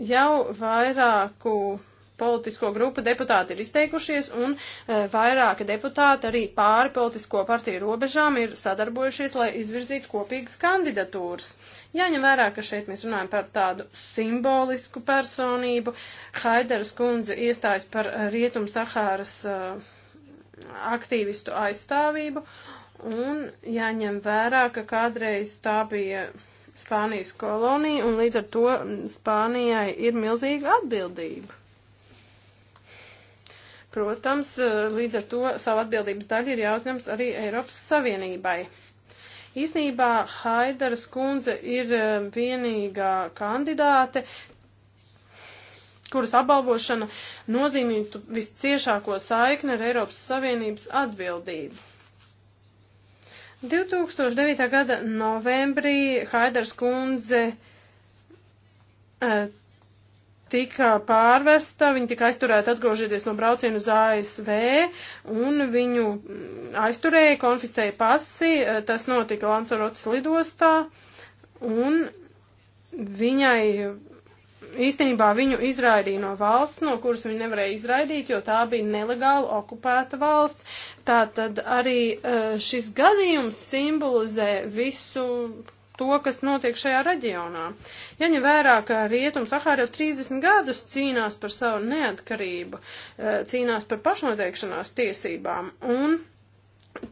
Jau vairāku politisko grupu deputāti ir izteikušies, un e, vairāki deputāti arī pāri politisko partiju robežām ir sadarbojušies, lai izvirzītu kopīgas kandidatūras. Jāņem vērā, ka šeit mēs runājam par tādu simbolisku personību. Haiders kundze iestājas par Rietum Sahāras e, aktīvistu aizstāvību, un jāņem vērā, ka kādreiz tā bija Spānijas kolonija, un līdz ar to Spānijai ir milzīga atbildība. Protams, līdz ar to savu atbildības daļu ir jāuzņems arī Eiropas Savienībai. Īsnībā Haidaras kundze ir eh, vienīgā kandidāte, kuras apbalvošana nozīmītu visciešāko saikni ar Eiropas Savienības atbildību. 2009. gada novembrī Haidars kundze uh, tika pārvesta, viņa tika aizturēta atgriežoties no brauciena uz ASV, un viņu mm, aizturēja, konfiscēja pasi, uh, tas notika Lansarotas lidostā, un viņai īstenībā viņu izraidīja no valsts, no kuras viņi nevarēja izraidīt, jo tā bija nelegāli okupēta valsts. Tā tad arī e, šis gadījums simbolizē visu to, kas notiek šajā reģionā. Jaņa vērā, ka Rietum Sahāra jau 30 gadus cīnās par savu neatkarību, e, cīnās par pašnoteikšanās tiesībām, un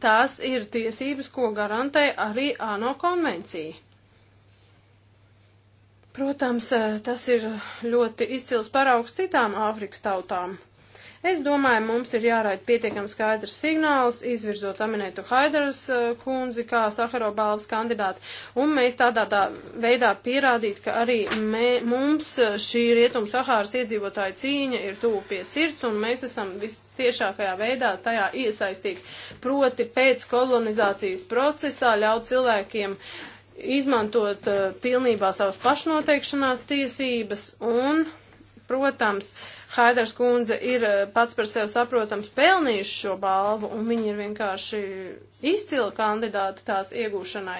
tās ir tiesības, ko garantē arī ANO konvencija. Protams, eh, tas ir ļoti izcils paraugs citām Āfrikas tautām. Es domāju, mums ir jāraida pietiekams skaidrs signāls, izvirzot Aminētu Haidaras eh, kundzi kā Saharo balvas kandidātu, un mēs tādā tā veidā pierādīt, ka arī mē, mums eh, šī rietuma Sahāras iedzīvotāja cīņa ir tuvu pie sirds, un mēs esam vistiešākajā veidā tajā iesaistīti. Proti pēc kolonizācijas procesā ļaut cilvēkiem uh, izmantot uh, pilnībā savas pašnoteikšanās tiesības un, protams, Haidars kundze ir uh, pats par sevi saprotams pelnījuši šo balvu un viņi ir vienkārši izcila kandidāti tās iegūšanai,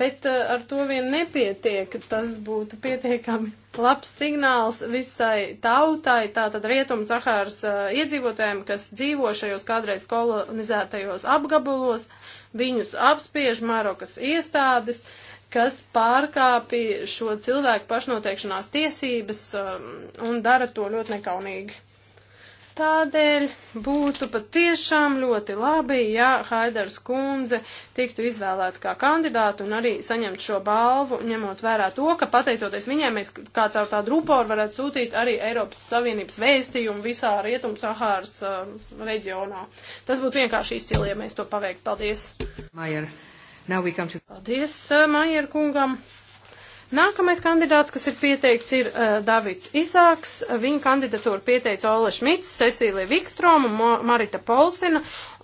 bet uh, ar to vien nepietiek. Tas būtu pietiekami labs signāls visai tautai, tātad Rietumu Sahāras uh, iedzīvotājiem, kas dzīvo šajos kādreiz kolonizētajos apgabalos, viņus apspiež Marokas iestādes. Uh, kas pārkāpi šo cilvēku pašnoteikšanās tiesības um, un dara to ļoti nekaunīgi. Tādēļ būtu patiešām ļoti labi, ja Haidars kundze tiktu izvēlēta kā kandidātu un arī saņemt šo balvu, ņemot vērā to, ka pateicoties viņai mēs kā caur tādu ruporu varētu sūtīt arī Eiropas Savienības vēstījumu visā Rietum-Sahāras uh, reģionā. Tas būtu vienkārši izcili, ja mēs to paveiktu. Paldies! Maier. To... Paldies, uh, Maier kungam! Nākamais kandidāts, kas ir pieteikts, ir uh, Davids Izāks. Viņa kandidatūru pieteica Ola Šmits, Cecīlija Vikstroma, Mo Marita Polsina,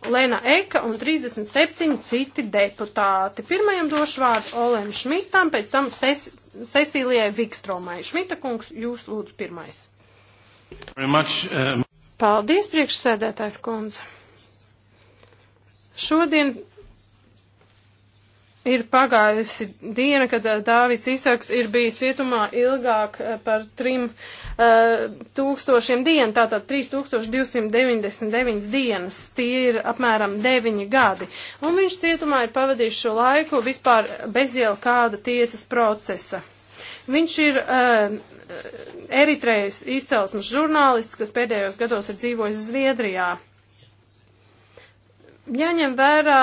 Lena Eka un 37 citi deputāti. Pirmajam došu vārdu Olem Šmitam, pēc tam Ses Cecīlijai Vikstromai. Šmita kungs, jūs lūdzu pirmais. Much, um... Paldies, priekšsēdētājs kundze. Šodien Ir pagājusi diena, kad eh, Dāvids Isaks ir bijis cietumā ilgāk eh, par trim uh, tūkstošiem dienu, tātad 3299 dienas, tie ir apmēram 9 gadi. Un viņš cietumā ir pavadījis šo laiku vispār bez jau kāda tiesas procesa. Viņš ir uh, Eritrejas izcelsmes žurnālists, kas pēdējos gados ir dzīvojis Zviedrijā. Uh, jāņem vērā,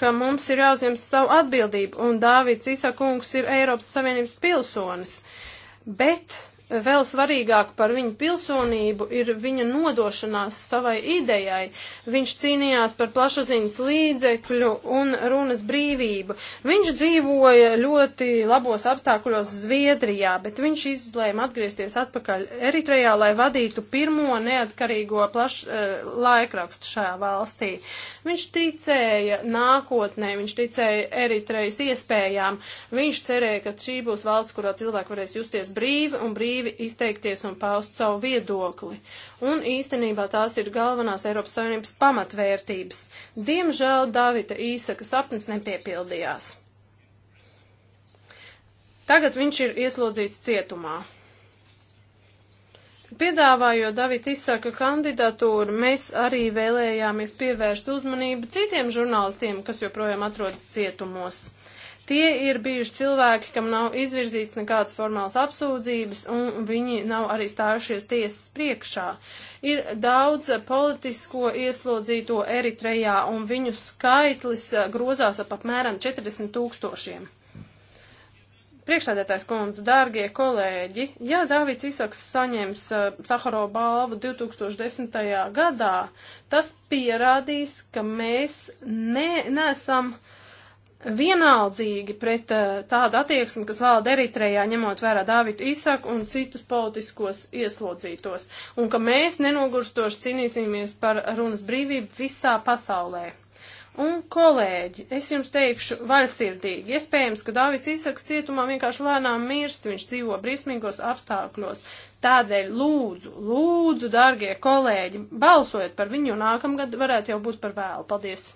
ka mums ir jāuzņem savu atbildību, un Dāvids Īsakungs ir Eiropas Savienības pilsonis. Bet vēl svarīgāk par viņa pilsonību ir viņa nodošanās savai idejai. Viņš cīnījās par plašsaziņas līdzekļu un runas brīvību. Viņš dzīvoja ļoti labos apstākļos Zviedrijā, bet viņš izlēma atgriezties atpakaļ Eritrejā, lai vadītu pirmo neatkarīgo plaš, eh, laikrakstu šajā valstī. Viņš ticēja nākotnē, viņš ticēja Eritrejas iespējām, viņš cerēja, ka šī būs valsts, kurā cilvēki varēs justies brīvi un brīvi brīvi izteikties un paust savu viedokli. Un īstenībā tās ir galvenās Eiropas Savienības pamatvērtības. Diemžēl Davida īsaka sapnis nepiepildījās. Tagad viņš ir ieslodzīts cietumā. Piedāvājot Davida izsaka kandidatūru, mēs arī vēlējāmies pievērst uzmanību citiem žurnālistiem, kas joprojām atrodas cietumos. Tie ir bijuši cilvēki, kam nav izvirzīts nekādas formālas apsūdzības, un viņi nav arī stājušies tiesas priekšā. Ir daudz politisko ieslodzīto Eritrejā, un viņu skaitlis eh, grozās ap apmēram 40 tūkstošiem. Priekšsēdētājs kundze, dārgie kolēģi, ja Dāvids Isaks saņems uh, eh, Saharo balvu 2010. gadā, tas pierādīs, ka mēs ne, nesam uh, vienaldzīgi pret uh, tādu attieksmi, kas valda Eritrejā, ņemot vērā Dāvidu Īsaku un citus politiskos ieslodzītos, un ka mēs nenogurstoši cīnīsimies par runas brīvību visā pasaulē. Un, kolēģi, es jums teikšu vaļsirdīgi, iespējams, ka Dāvids Īsaks cietumā vienkārši lēnām mirst, viņš dzīvo briesmīgos apstākļos. Tādēļ lūdzu, lūdzu, dārgie kolēģi, balsojiet par viņu, nākamgad varētu jau būt par vēlu. Paldies!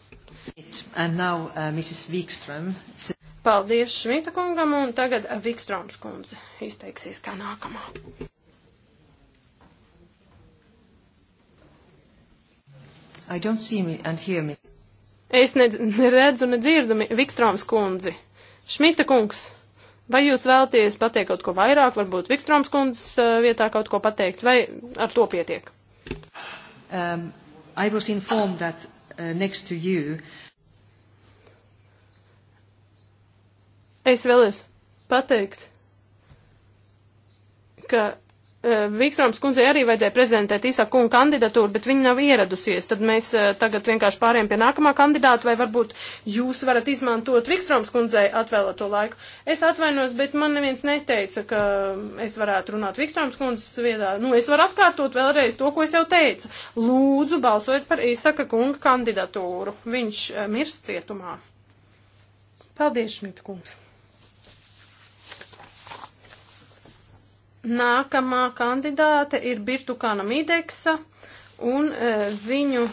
Now, uh, Paldies Šmita kungam un tagad Vikstroms kundze izteiksies kā nākamā. I don't see me and hear me. Es ne, neredzu, nedzirdu Vikstroms kundzi. Šmita kungs, vai jūs vēlties pateikt kaut ko vairāk, varbūt Vikstroms kundzes uh, vietā kaut ko pateikt, vai ar to pietiek? Um, I was informed that uh, next to you. Es vēlos pateikt, ka Vikstroms kundzei arī vajadzēja prezentēt Isaku kungu kandidatūru, bet viņa nav ieradusies. Tad mēs eh, tagad vienkārši pārējām pie nākamā kandidāta, vai varbūt jūs varat izmantot Vikstroms kundzei atvēlēto laiku. Es atvainos, bet man neviens neteica, ka es varētu runāt Vikstroms kundzes viedā. Nu, es varu atkārtot vēlreiz to, ko es jau teicu. Lūdzu, balsojiet par Isaka kunga kandidatūru. Viņš eh, mirst cietumā. Paldies, Šmita kungs! Nākamā kandidāte ir Birtukāna Mideksa, un e, viņu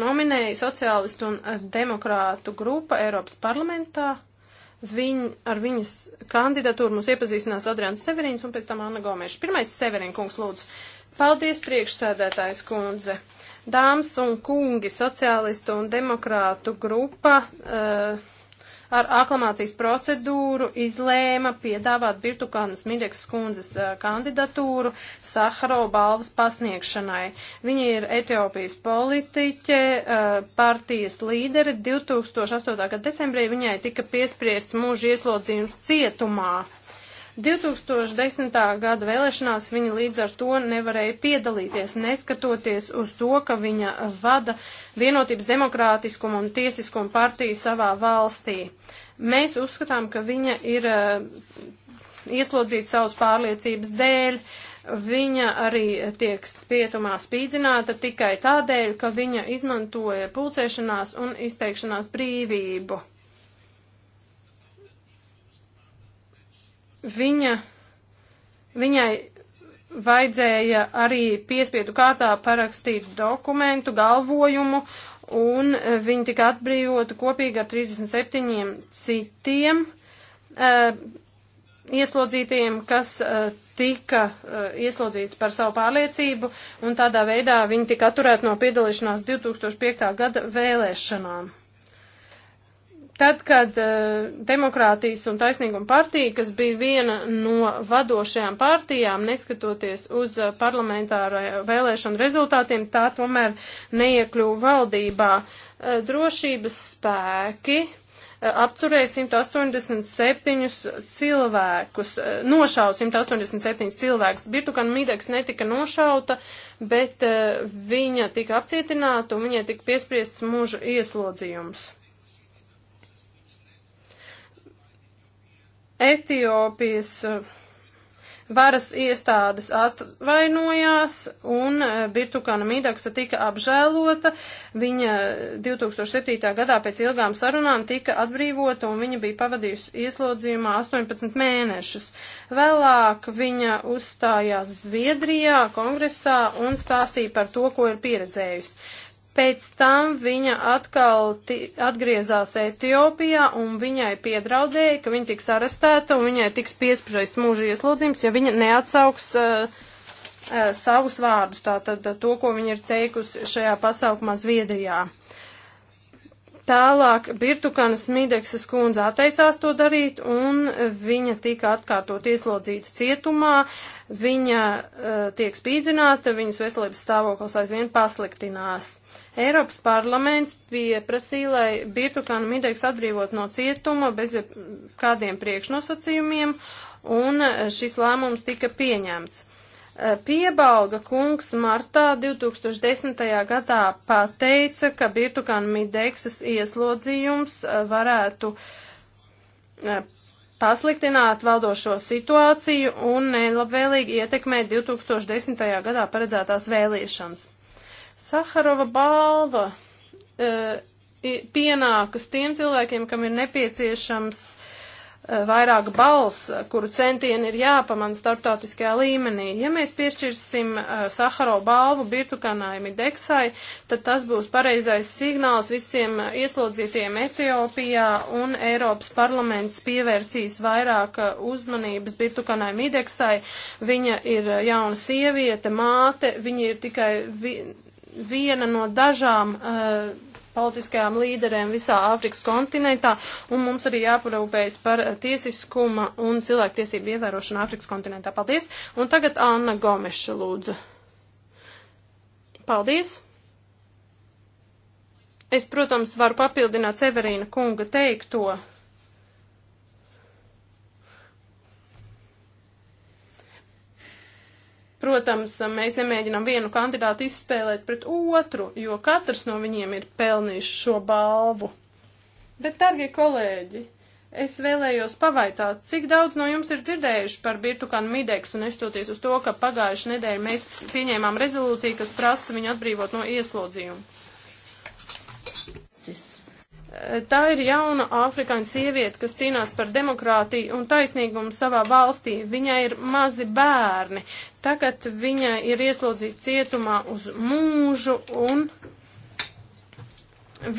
nominēja sociālistu un e, demokrātu grupa Eiropas parlamentā. Viņ, ar viņas kandidatūru mums iepazīstinās Adrians Severīns un pēc tam Anna Gomieša. Pirmais Severīna kungs lūdzu. Paldies priekšsēdētājs kundze. Dāmas un kungi, sociālistu un demokrātu grupa. Uh, ar aklamācijas procedūru izlēma piedāvāt Birtukānas Mideks kundzes kandidatūru Saharo balvas pasniegšanai. Viņa ir Etiopijas politiķe, partijas līdere. 2008. gada decembrī viņai tika piespriests mūža ieslodzījums cietumā. 2010. gada vēlēšanās viņa līdz ar to nevarēja piedalīties, neskatoties uz to, ka viņa vada vienotības demokrātiskumu un tiesiskumu partiju savā valstī. Mēs uzskatām, ka viņa ir eh, ieslodzīta savas pārliecības dēļ. Viņa arī tiek spietumā spīdzināta tikai tādēļ, ka viņa izmantoja pulcēšanās un izteikšanās brīvību. viņa, viņai vajadzēja arī piespiedu kārtā parakstīt dokumentu, galvojumu, un e, viņa tika atbrīvota kopīgi ar 37 citiem uh, ieslodzītiem, kas uh, tika uh, ieslodzīti par savu pārliecību, un tādā veidā viņi tika atturēti no piedalīšanās 2005. gada vēlēšanām. Tad, kad uh, demokrātijas un taisnīguma partija, kas bija viena no vadošajām partijām, neskatoties uz uh, parlamentāra vēlēšanu rezultātiem, tā tomēr neiekļuva valdībā. Uh, drošības spēki uh, apturēja 187 cilvēkus, uh, nošauja 187 cilvēkus. Birtukan Mideks netika nošauta, bet uh, viņa tika apcietināta un viņai tika piespriests mūža ieslodzījums. Etiopijas uh, varas iestādes atvainojās un uh, Birtukana Midaksa tika apžēlota. Viņa 2007. Uh, gadā pēc ilgām sarunām tika atbrīvota un viņa bija pavadījusi ieslodzījumā 18 mēnešus. Vēlāk viņa uzstājās Zviedrijā kongresā un stāstīja par to, ko ir pieredzējusi. Pēc tam viņa atkal atgriezās Etiopijā un viņai piedraudēja, ka viņa tiks arestēta un viņai tiks piespriezt mūža ieslodzījums, ja viņa neatsauks uh, uh, savus vārdus, tātad to, ko viņa ir teikusi šajā pasaukumā Zviedrijā. Tālāk Birtukanas Mideksas kundze atteicās to darīt, un viņa tika atkārtot ieslodzīta cietumā. Viņa uh, tiek spīdzināta, viņas veselības stāvoklis aizvien pasliktinās. Eiropas parlaments pieprasīja, lai Birtukana Mideks atbrīvot no cietuma bez kādiem priekšnosacījumiem, un eh, šis lēmums tika pieņemts. Piebalga kungs martā 2010. gadā pateica, ka Birtukan Mideksas ieslodzījums eh, varētu eh, pasliktināt valdošo situāciju un nelabvēlīgi ietekmēt 2010. gadā paredzētās vēlēšanas. Saharova balva e, pienākas tiem cilvēkiem, kam ir nepieciešams uh, Eh, vairāk balss, eh, kuru centieni ir jāpamana starptautiskajā līmenī. Ja mēs piešķirsim eh, Saharo balvu Birtukanai Mideksai, tad tas būs pareizais signāls visiem ieslodzītiem Etiopijā un Eiropas parlaments pievērsīs vairāk uzmanības Birtukanai Mideksai. Viņa ir jauna sieviete, māte, viņa ir tikai vi viena no dažām. Uh, politiskajām līderēm visā Āfrikas kontinentā, un mums arī jāparūpējas par tiesiskuma un cilvēktiesību ievērošanu Āfrikas kontinentā. Paldies! Un tagad Anna Gomeša lūdzu. Paldies! Es, protams, varu papildināt Severīna kunga teikto. Protams, mēs nemēģinām vienu kandidātu izspēlēt pret otru, jo katrs no viņiem ir pelnījis šo balvu. Bet, darbie kolēģi, es vēlējos pavaicāt, cik daudz no jums ir dzirdējuši par Birtukanu Mideksu, neskatoties uz to, ka pagājuši nedēļu mēs pieņēmām rezolūciju, kas prasa viņu atbrīvot no ieslodzījuma. Tā ir jauna afrikāņu sieviete, kas cīnās par demokrātiju un taisnīgumu savā valstī. Viņai ir mazi bērni. Tagad viņa ir ieslodzīta cietumā uz mūžu un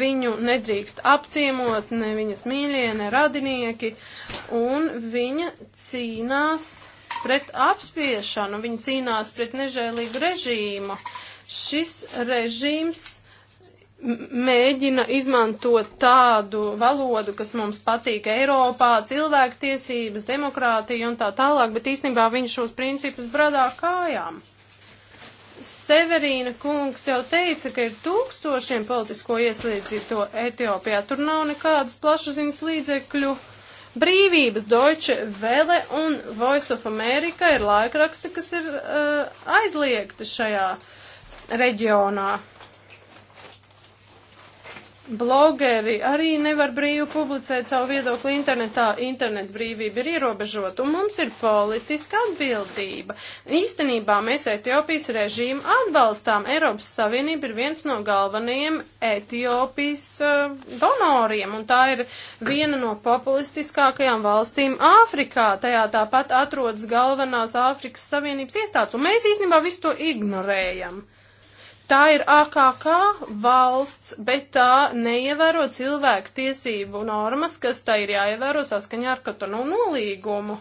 viņu nedrīkst apciemot ne viņas mīļie, ne radinieki, un viņa cīnās pret apspiešanu, viņa cīnās pret nežēlīgu režīmu. Šis režīms mēģina izmantot tādu valodu, kas mums patīk Eiropā, cilvēktiesības, demokrātija un tā tālāk, bet īstenībā viņš šos principus bradā kājām. Severīna kungs jau teica, ka ir tūkstošiem politisko ieslīdzīto Etiopijā. Tur nav nekādas plašsaziņas līdzekļu brīvības. Deutsche Welle un Voice of America ir laikraksti, kas ir uh, aizliegti šajā reģionā blogeri arī nevar brīvi publicēt savu viedokli internetā. Internet brīvība ir ierobežota un mums ir politiska atbildība. Īstenībā mēs Etiopijas režīmu atbalstām. Eiropas Savienība ir viens no galvenajiem Etiopijas uh, donoriem un tā ir viena no populistiskākajām valstīm Āfrikā. Tajā tāpat atrodas galvenās Āfrikas Savienības iestādes un mēs īstenībā visu to ignorējam. Tā ir AKK valsts, bet tā neievēro cilvēku tiesību normas, kas tā ir jāievēro saskaņā ar Kotonu nolīgumu.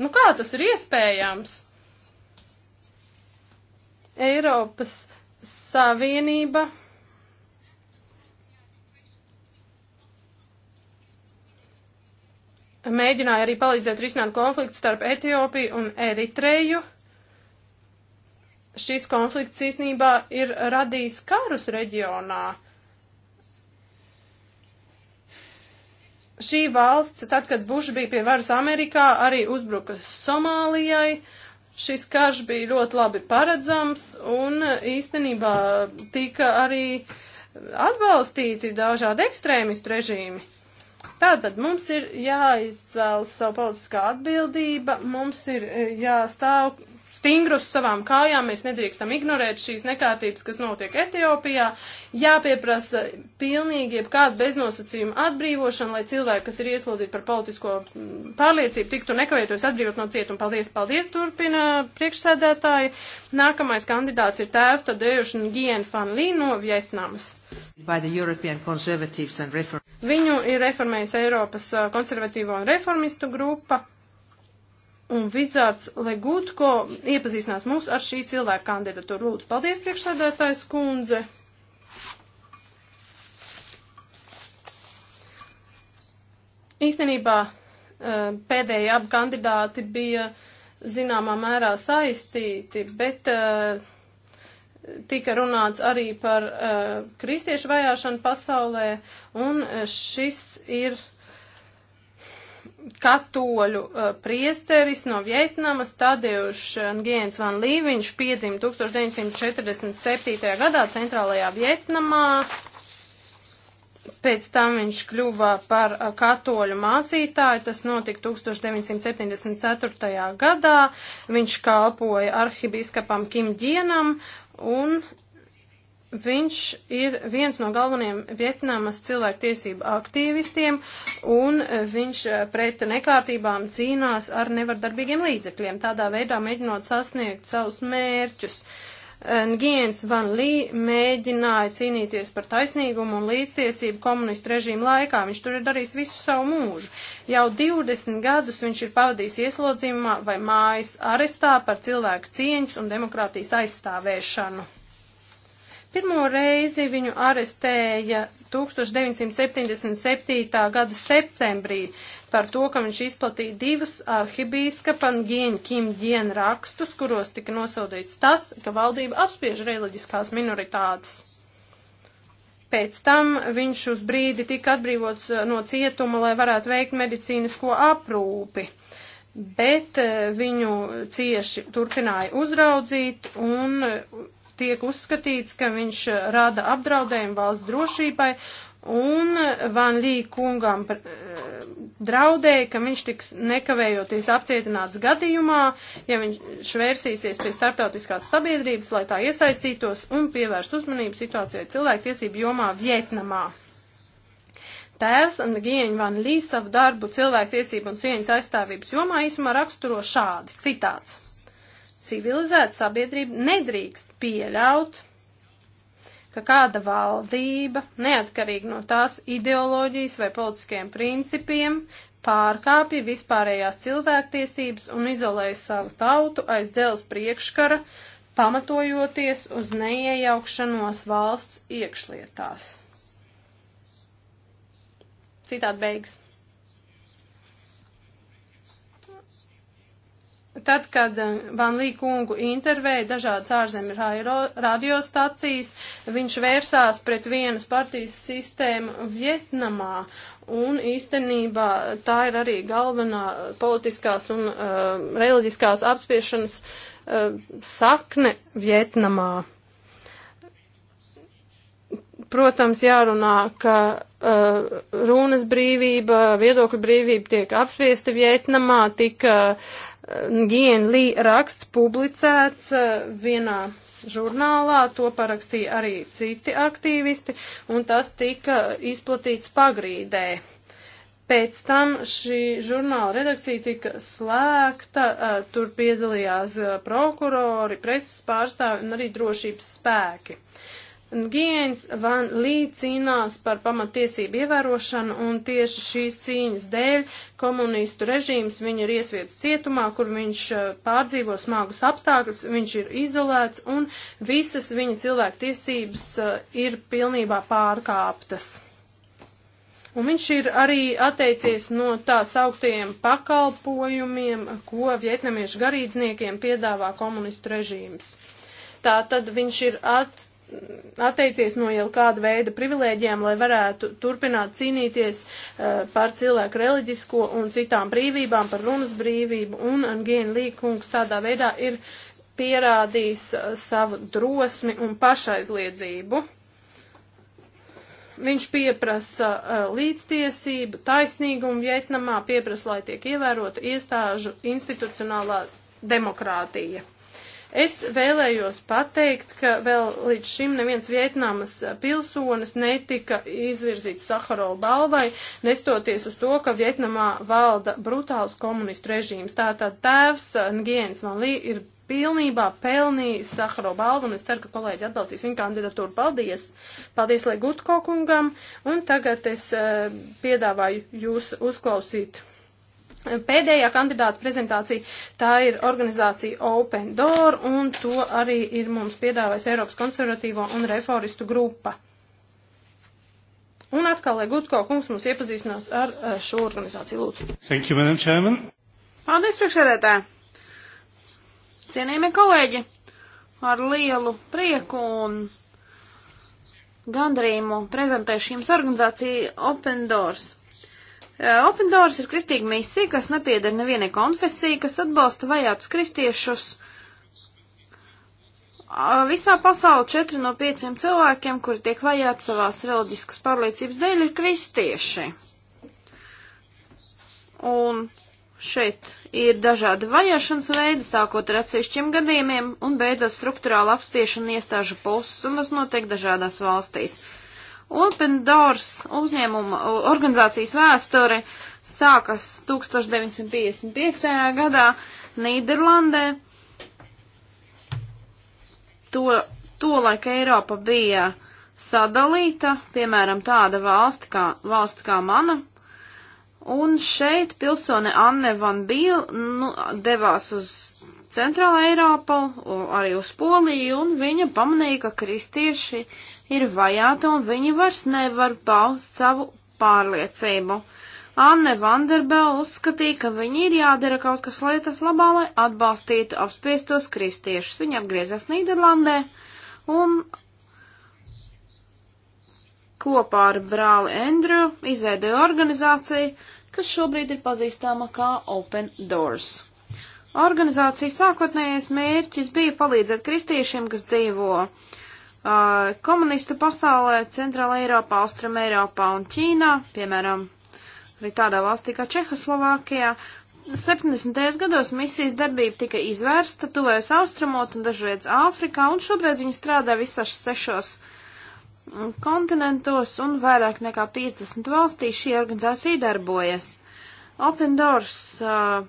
Nu kā tas ir iespējams? Eiropas Savienība. mēģināja arī palīdzēt risināt konfliktu starp Etiopiju un Eritreju šis konflikts īsnībā ir radījis karus reģionā. Šī valsts, tad, kad Bušs bija pie varas Amerikā, arī uzbruka Somālijai. Šis karš bija ļoti labi paredzams un īstenībā tika arī atbalstīti dažādi ekstrēmistu režīmi. Tātad mums ir jāizcēl savu politiskā atbildība, mums ir jāstāv stingrus savām kājām, mēs nedrīkstam ignorēt šīs nekārtības, kas notiek Etiopijā. Jāpieprasa pilnīgi jebkāda beznosacījuma atbrīvošana, lai cilvēki, kas ir ieslodzīti par politisko mm, pārliecību, tiktu nekavētos atbrīvot no cietuma. Paldies, paldies, turpina priekšsēdētāji. Nākamais kandidāts ir tēvs Tadeuš Ngien Fan Lī no Vietnamas. Viņu ir reformējis Eiropas uh, konservatīvo un reformistu grupa. Un Vizārds Legutko iepazīstinās mūs ar šī cilvēka kandidatūru. Lūdzu, paldies priekšsēdētājs kundze. Īstenībā eh, pēdējie abi kandidāti bija zināmā mērā saistīti, bet eh, tika runāts arī par eh, kristiešu vajāšanu pasaulē, un šis ir katoļu uh, priesteris no Vietnamas, Tadeuš Ngiens Van Lī, viņš piedzima 1947. gadā centrālajā Vietnamā. Pēc tam viņš kļuva par uh, katoļu mācītāju, tas notika 1974. gadā. Viņš kalpoja arhibiskapam Kim Dienam un Viņš ir viens no galvenajiem Vietnamas cilvēktiesību aktīvistiem, un e, viņš e, pret nekārtībām cīnās ar nevardarbīgiem līdzekļiem, tādā veidā mēģinot sasniegt savus mērķus. E, Ngiens Van Lī mēģināja cīnīties par taisnīgumu un līdztiesību komunistu režīmu laikā. Viņš tur ir darījis visu savu mūžu. Jau 20 gadus viņš ir pavadījis ieslodzījumā vai mājas arestā par cilvēku cieņas un demokrātijas aizstāvēšanu. Pirmo reizi viņu arestēja 1977. gada septembrī par to, ka viņš izplatīja divus arhibīskapa un Gien Kim Dien rakstus, kuros tika nosaudīts tas, ka valdība apspiež reliģiskās minoritātes. Pēc tam viņš uz brīdi tika atbrīvots uh, no cietuma, lai varētu veikt medicīnisko aprūpi bet uh, viņu cieši turpināja uzraudzīt un uh, tiek uzskatīts, ka viņš eh, rada apdraudējumu valsts drošībai un Van Lī kungam eh, draudēja, ka viņš tiks nekavējoties apcietināts gadījumā, ja viņš švērsīsies pie starptautiskās sabiedrības, lai tā iesaistītos un pievērst uzmanību situācijai cilvēktiesību jomā Vietnamā. Tēvs Gieņa Van Lī savu darbu cilvēktiesību un cieņas aizstāvības jomā īsumā raksturo šādi citāts. Civilizēta sabiedrība nedrīkst pieļaut, ka kāda valdība, neatkarīgi no tās ideoloģijas vai politiskajiem principiem, pārkāpja vispārējās cilvēktiesības un izolēja savu tautu aiz dzels priekškara, pamatojoties uz neiejaukšanos valsts iekšlietās. Citādi beigas. Tad, kad eh, Van Lī kungu intervēja dažādas ārzemju radiostacijas, viņš vērsās pret vienas partijas sistēmu Vietnamā, un īstenībā tā ir arī galvenā politiskās un uh, reliģiskās apspiešanas uh, sakne Vietnamā. Protams, jārunā, ka uh, runas brīvība, viedokļu brīvība tiek apspiesta Vietnamā, tika uh, Gienlī raksts publicēts eh, vienā žurnālā, to parakstīja arī citi aktīvisti, un tas tika izplatīts pagrīdē. Pēc tam šī žurnāla redakcija tika slēgta, eh, tur piedalījās eh, prokurori, preses pārstāvi un arī drošības spēki. Uh, Giens Van Lī cīnās par pamatiesību ievērošanu un tieši šīs cīņas dēļ komunistu režīms viņu ir iesvietis cietumā, kur viņš eh, pārdzīvo smagus apstākļus, viņš ir izolēts un visas viņa cilvēktiesības eh, ir pilnībā pārkāptas. Un viņš ir arī atteicies no tā sauktajiem pakalpojumiem, ko vietnamiešu garīdzniekiem piedāvā komunistu režīms. Tā tad viņš ir atteicies atteicies no jau kāda veida privilēģiem, lai varētu turpināt cīnīties uh, par cilvēku reliģisko un citām brīvībām, par runas brīvību, un Angēna Līkungs tādā veidā ir pierādījis uh, savu drosmi un pašaizliedzību. Viņš pieprasa uh, līdztiesību, taisnīgumu Vietnamā, pieprasa, lai tiek ievērota iestāžu institucionālā demokrātija. Es vēlējos pateikt, ka vēl līdz šim neviens Vietnamas pilsonis netika izvirzīts Saharovu balvai, nestoties uz to, ka Vietnamā valda brutāls komunistu režīms. Tātad tēvs Ngiens Van Lī ir pilnībā pelnījis Saharovu balvu, un es ceru, ka kolēģi atbalstīs viņa kandidatūru. Paldies! Paldies Legutko kungam! Un tagad es uh, piedāvāju jūs uzklausīt Pēdējā kandidāta prezentācija tā ir organizācija Open Door, un to arī ir mums piedāvājis Eiropas konservatīvo un reformistu grupa. Un atkal, lai Gutko kungs mums iepazīstinās ar šo organizāciju, lūdzu. Thank you, Madam Chairman. Paldies, priekšsēdētā. Cienījamie kolēģi, ar lielu prieku un gandrījumu prezentēšu jums organizāciju Open Doors. Eh, open Doors ir kristīga misija, kas nepiedara nevienai konfesijai, kas atbalsta vajātus kristiešus. Eh, visā pasaulē četri no pieciem cilvēkiem, kuri tiek vajāti savās reliģiskas pārliecības dēļ, ir kristieši. Un šeit ir dažādi vajāšanas veidi, sākot ar atsevišķiem gadījumiem un beidzot struktūrāla apspiešana iestāžu puses, un tas notiek dažādās valstīs. Uh, Open Doors uzņēmuma organizācijas vēsture sākas 1955. gadā Nīderlandē. To, to laika Eiropa bija sadalīta, piemēram, tāda valsts kā, valsts kā mana. Un šeit pilsone Anne Van Biel nu, devās uz Centrāla Eiropa, arī uz Poliju, un viņa pamanīja, ka kristieši ir vajāti un viņi vairs nevar paust savu pārliecību. Anne Vanderbela uzskatīja, ka viņi ir jādara kaut kas lietas labā, lai atbalstītu apspiestos kristiešus. Viņa atgriezās Nīderlandē un kopā ar brāli Andrew izveidoja organizāciju, kas šobrīd ir pazīstama kā Open Doors. Organizācijas sākotnējais mērķis bija palīdzēt kristiešiem, kas dzīvo uh, komunistu pasaulē, Centrāla Eiropā, Austrum Eiropā un Ķīnā, piemēram, arī tādā valstī kā Čehoslovākijā. 70. gados misijas darbība tika izvērsta, tuvēs austrumot un dažreiz Āfrikā, un šobrīd viņi strādā visās sešos kontinentos un vairāk nekā 50 valstīs šī organizācija darbojas. Open Doors uh,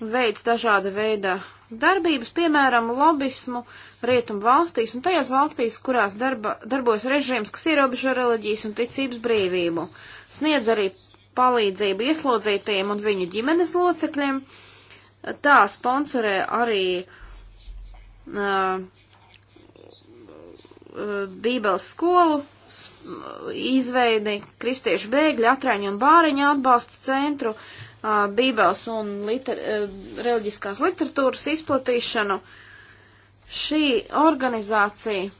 veids dažāda veida darbības, piemēram, lobismu rietumu valstīs un tajās valstīs, kurās darba, darbojas režīms, kas ierobežo reliģijas un ticības brīvību. Sniedz arī palīdzību ieslodzītajiem un viņu ģimenes locekļiem. Tā sponsorē arī uh, Bībeles skolu izveidi, kristiešu bēgļu, atraņu un bāriņu atbalsta centru, uh, Bībeles un liter, reliģiskās literatūras izplatīšanu. Šī organizācija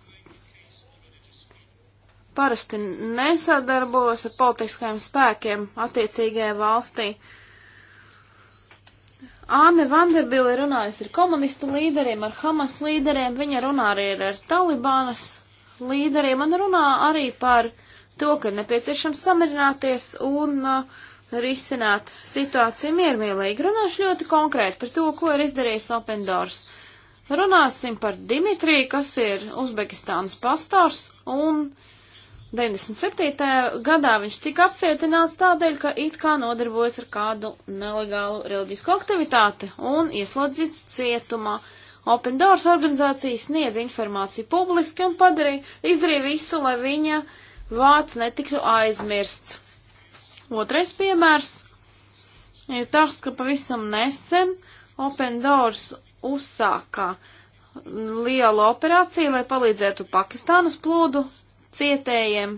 parasti nesadarbojas ar politiskajiem spēkiem attiecīgajā valstī. Āne Vanderbili runājas ar komunistu līderiem, ar Hamas līderiem, viņa runā arī ar Talibanas līderiem un runā arī par to, ka nepieciešams samierināties un uh, risināt situāciju miermīlīgi. Runāšu ļoti konkrēti par to, ko ir izdarījis Open Doors. Runāsim par Dimitriju, kas ir Uzbekistānas pastors, un 97. gadā viņš tika apcietināts tādēļ, ka it kā nodarbojas ar kādu nelegālu reliģisku aktivitāti un ieslodzīts cietumā. Open Doors organizācija sniedz informāciju publiski un padarīja, izdarīja visu, lai viņa vārds netiktu aizmirsts. Otrais piemērs ir tas, ka pavisam nesen Open Doors uzsākā lielu operāciju, lai palīdzētu Pakistānas plūdu cietējiem.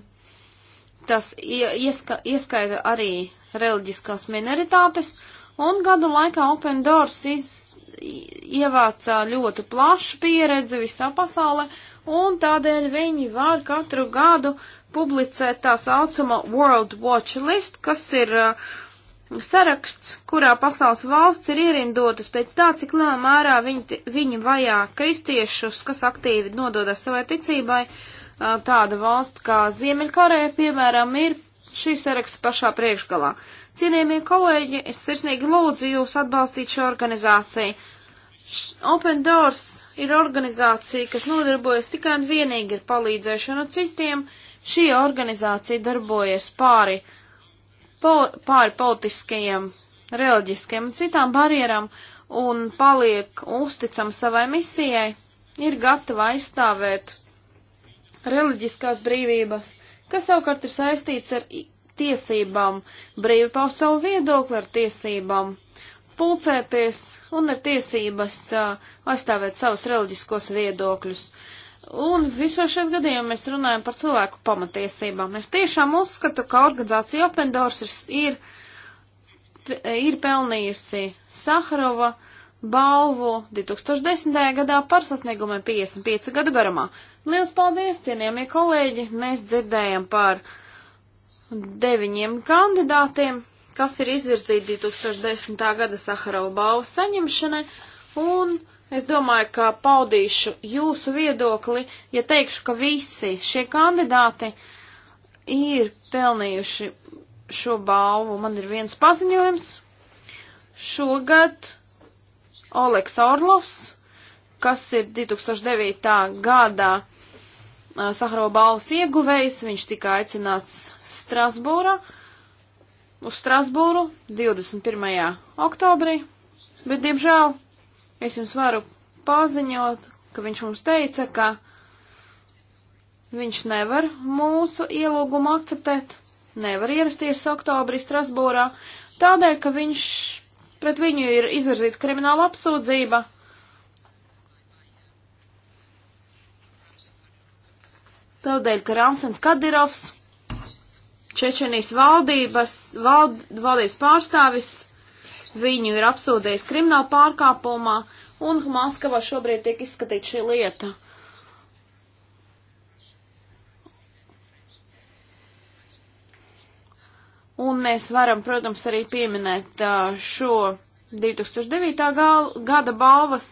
Tas ieska, ieskaita arī reliģiskās minoritātes, un gadu laikā Open Doors iz, ievāca ļoti plašu pieredzi visā pasaulē, un tādēļ viņi var katru gadu publicēt tā saucamo World Watch List, kas ir uh, saraksts, kurā pasaules valsts ir ierindotas pēc tā, cik lielā mērā viņi, viņi vajā kristiešus, kas aktīvi nododas savai ticībai. Uh, tāda valsts kā Ziemeļkoreja, piemēram, ir šī saraksta pašā priekšgalā. Cienījamie kolēģi, es sirsnīgi lūdzu jūs atbalstīt šo organizāciju. Open Doors ir organizācija, kas nodarbojas tikai un vienīgi ar palīdzēšanu citiem. Uh, Šī organizācija darbojas pāri, po, pāri politiskajiem, reliģiskiem un citām barjerām un paliek uzticama savai misijai, ir gatava aizstāvēt reliģiskās brīvības, kas savukārt ir saistīts ar tiesībām, brīvi paust savu viedokli ar tiesībām, pulcēties un ar tiesības aizstāvēt savus reliģiskos viedokļus. Uh, Un visos šajos gadījumos mēs runājam par cilvēku pamatiesībām. Es tiešām uzskatu, ka organizācija Open Doors ir, ir, ir pelnījusi Saharova balvu 2010. gadā par sasniegumiem 55 gadu garumā. Liels paldies, cienījamie kolēģi! Mēs dzirdējam par deviņiem kandidātiem, kas ir izvirzīti 2010. gada Saharova balvu saņemšanai. Un Es domāju, ka paudīšu jūsu viedokli, ja teikšu, ka visi šie kandidāti ir pelnījuši šo balvu. Man ir viens paziņojums. Šogad Oleks Orlovs, kas ir 2009. gadā Saharo balvas ieguvējs, viņš tika aicināts Strasbūrā, uz Strasbūru 21. oktobrī, bet diemžēl Es jums varu paziņot, ka viņš mums teica, ka viņš nevar mūsu ielūgumu akceptēt, nevar ierasties oktobrī Strasbūrā, tādēļ, ka viņš pret viņu ir izvirzīta krimināla apsūdzība. Tādēļ, ka Ramsens Kadirovs, Čečenijas valdības, vald, valdības pārstāvis, Viņu ir apsūdzējis krimināla pārkāpumā, un Maskavā šobrīd tiek izskatīta šī lieta. Un mēs varam, protams, arī pieminēt šo 2009. gada balvas,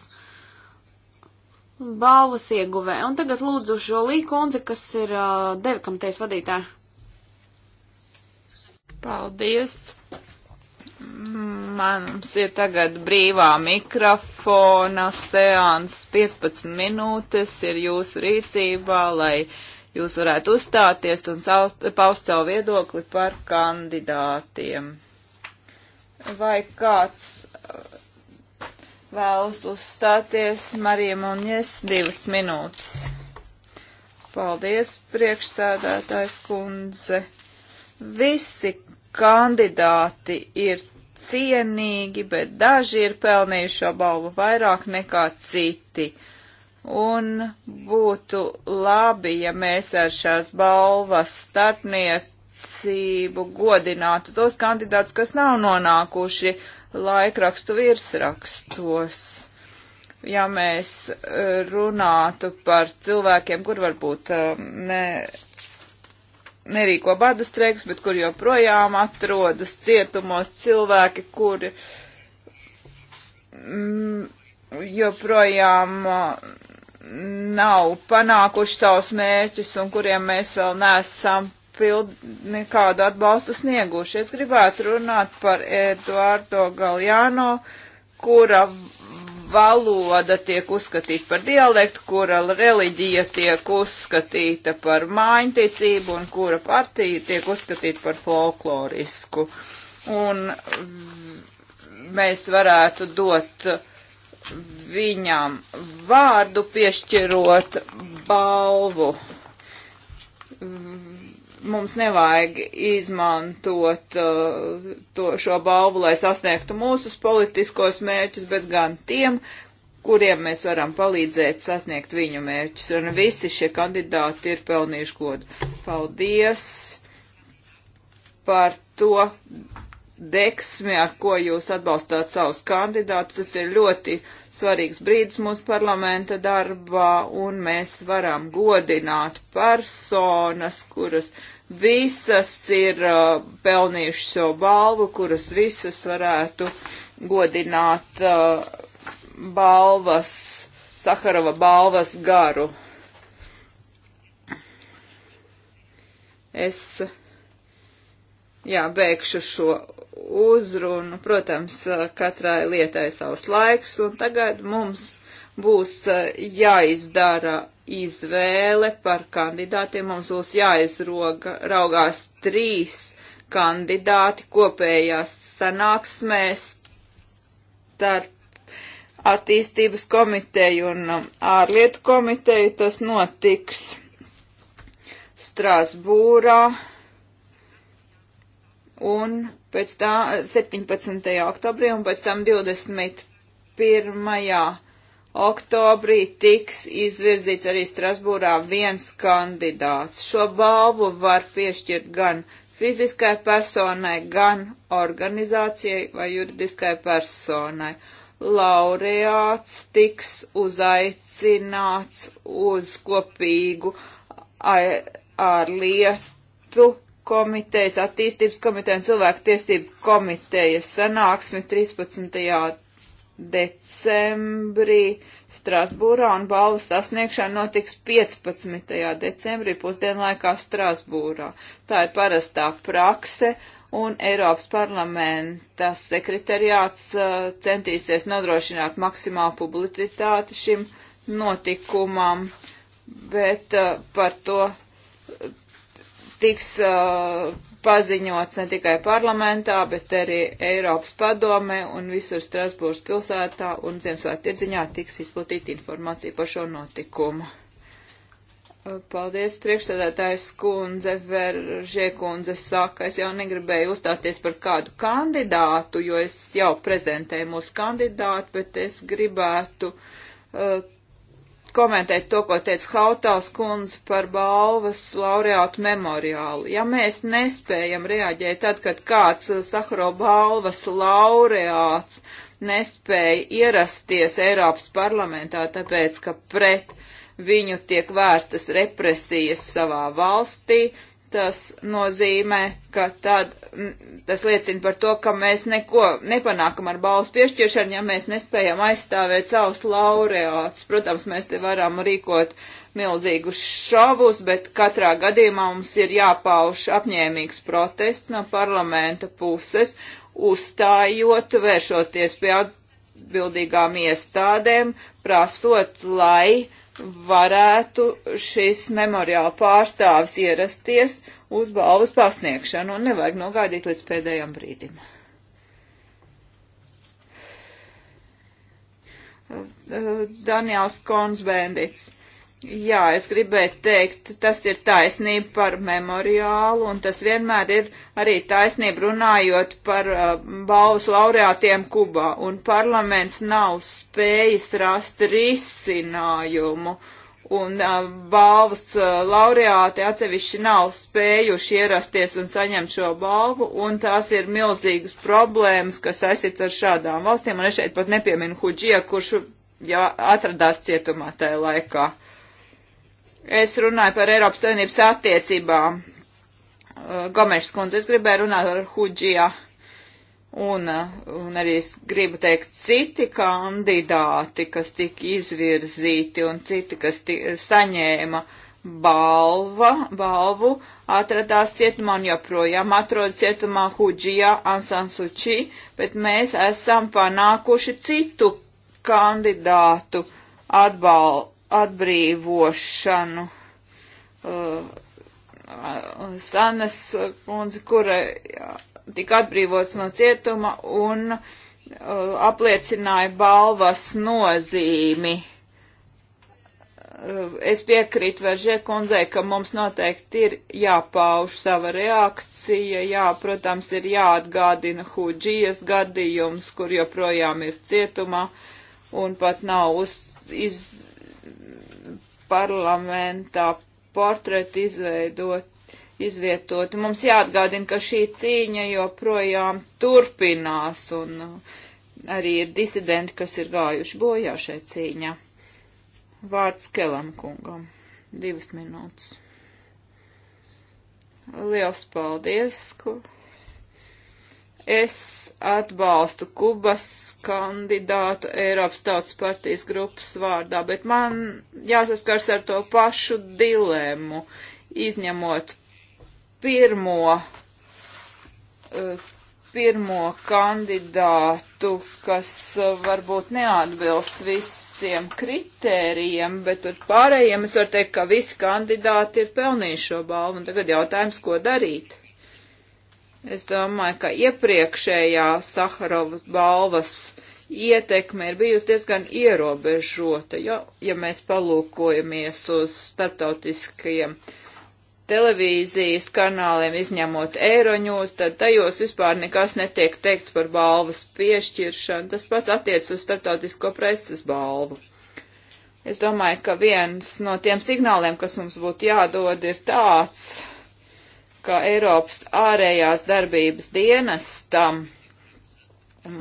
balvas ieguvē. Un tagad lūdzu šo līkundzi, kas ir devkamtais vadītāja. Paldies! Mums ir tagad brīvā mikrofona seans, 15 minūtes ir jūsu rīcībā, lai jūs varētu uzstāties un saust, paust savu viedokli par kandidātiem. Vai kāds uh, vēlas uzstāties Marija Muņes divas minūtes? Paldies, priekšsēdētājs kundze. Visi kandidāti ir cienīgi, bet daži ir pelnījuši šo balvu vairāk nekā citi. Un būtu labi, ja mēs ar šās balvas starpniecību godinātu tos kandidātus, kas nav nonākuši laikrakstu virsrakstos. Ja mēs eh, runātu par cilvēkiem, kur varbūt eh, ne nerīko bada streiks, bet kur joprojām atrodas cietumos cilvēki, kuri mm, joprojām mm, nav panākuši savus mērķus un kuriem mēs vēl neesam pild, nekādu atbalstu snieguši. Es gribētu runāt par Eduardo Galjāno, kura valoda tiek uzskatīta par dialektu, kura reliģija tiek uzskatīta par mājiņticību un kura partija tiek uzskatīta par folklorisku. Un mēs varētu dot viņam vārdu piešķirot balvu mums nevajag izmantot uh, to, šo balvu, lai sasniegtu mūsus politiskos mērķus, bet gan tiem, kuriem mēs varam palīdzēt sasniegt viņu mērķus. Un visi šie kandidāti ir pelnījuši godu. Paldies par to deksmi, ar ko jūs atbalstāt savus kandidātus. Tas ir ļoti svarīgs brīdis mūsu parlamenta darbā, un mēs varam godināt personas, kuras visas ir uh, pelnījušas jau balvu, kuras visas varētu godināt uh, balvas, Sakarova balvas garu. Es, jā, beigšu šo uzrunu. Protams, eh, katrai lietai savs laiks, un tagad mums būs eh, jāizdara izvēle par kandidātiem. Mums būs jāizraugās trīs kandidāti kopējās sanāksmēs starp attīstības komiteju un um, ārlietu komiteju. Tas notiks Strāsbūrā un pēc tā 17. oktobrī un pēc tam 21. oktobrī tiks izvirzīts arī Strasbūrā viens kandidāts. Šo balvu var piešķirt gan fiziskai personai, gan organizācijai vai juridiskai personai. Laureāts tiks uzaicināts uz kopīgu ārlietu komitejas, attīstības komiteja un cilvēktiesību komitejas sanāksmi 13. decembrī Strasbūrā un balvu sasniegšana notiks 15. decembrī pusdienlaikā Strasbūrā. Tā ir parastā prakse un Eiropas parlamenta sekretariāts uh, centīsies nodrošināt maksimālu publicitāti šim notikumam, bet uh, par to tiks uh, paziņots ne tikai parlamentā, bet arī Eiropas padomē un visur Strasbūras pilsētā un Ziemassvētku tirdziņā tiks izplatīta informācija par šo notikumu. Uh, paldies, priekšsēdētājs kundze, veržie kundze saka, es jau negribēju uzstāties par kādu kandidātu, jo es jau prezentēju mūsu kandidātu, bet es gribētu uh, komentēt to, ko teica Hautās kundze par balvas laureātu memoriālu. Ja mēs nespējam reaģēt tad, kad kāds uh, Saharo balvas laureāts nespēja ierasties Eiropas parlamentā, tāpēc, ka pret viņu tiek vērstas represijas savā valstī, Tas nozīmē, ka tad tas liecina par to, ka mēs neko nepanākam ar balsu piešķiršanu, ja mēs nespējam aizstāvēt savus laureātus. Protams, mēs te varam rīkot milzīgus šovus, bet katrā gadījumā mums ir jāpauž apņēmīgs protests no parlamenta puses, uzstājot, vēršoties pie atbildīgām iestādēm, prasot, lai varētu šis memoriāla pārstāvis ierasties uz balvas pasniegšanu un nevajag nogaidīt līdz pēdējiem brīdim. Daniels Konsbendits. Jā, es gribēju teikt, tas ir taisnība par memoriālu, un tas vienmēr ir arī taisnība runājot par uh, balvas laureātiem Kubā, un parlaments nav spējis rast risinājumu, un uh, balvas uh, laureāti atsevišķi nav spējuši ierasties un saņemt šo balvu, un tās ir milzīgas problēmas, kas aizsits ar šādām valstīm, un es šeit pat nepieminu Huģie, kurš jā, atradās cietumā tajā laikā. Es runāju par Eiropas Savienības attiecībām. Uh, Gomešs kundze, es gribēju runāt ar Huģijā. Un, uh, un arī es gribu teikt, citi kandidāti, kas tika izvirzīti un citi, kas tika, saņēma balva, balvu, atradās cietumā un joprojām atrodas cietumā Huģijā Ansansuči, bet mēs esam panākuši citu kandidātu atbalstu atbrīvošanu. Uh, Sanes kundze, kura jā, tika atbrīvots no cietuma un uh, apliecināja balvas nozīmi. Uh, es piekrītu Veržē kundzei, ka mums noteikti ir jāpauž sava reakcija, jā, protams, ir jāatgādina Hūģijas gadījums, kur joprojām ir cietumā un pat nav uz, iz, parlamentā portreti izveidot, izvietoti. Mums jāatgādina, ka šī cīņa joprojām turpinās un uh, arī ir disidenti, kas ir gājuši bojā šai cīņā. Vārds Kelam kungam. Divas minūtes. Liels paldies! Kur... Es atbalstu Kubas kandidātu Eiropas Tautas partijas grupas vārdā, bet man jāsaskars ar to pašu dilēmu, izņemot pirmo, eh, pirmo kandidātu, kas eh, varbūt neatbilst visiem kritērijiem, bet par pārējiem es varu teikt, ka visi kandidāti ir pelnījuši šo balvu, un tagad jautājums, ko darīt. Es domāju, ka iepriekšējā Saharovas balvas ietekme ir bijusi diezgan ierobežota, jo, ja mēs palūkojamies uz starptautiskajiem televīzijas kanāliem, izņemot Eiroņūs, tad tajos vispār nekas netiek teikts par balvas piešķiršanu. Tas pats attiec uz starptautisko preses balvu. Es domāju, ka viens no tiem signāliem, kas mums būtu jādod, ir tāds, ka Eiropas ārējās darbības dienestam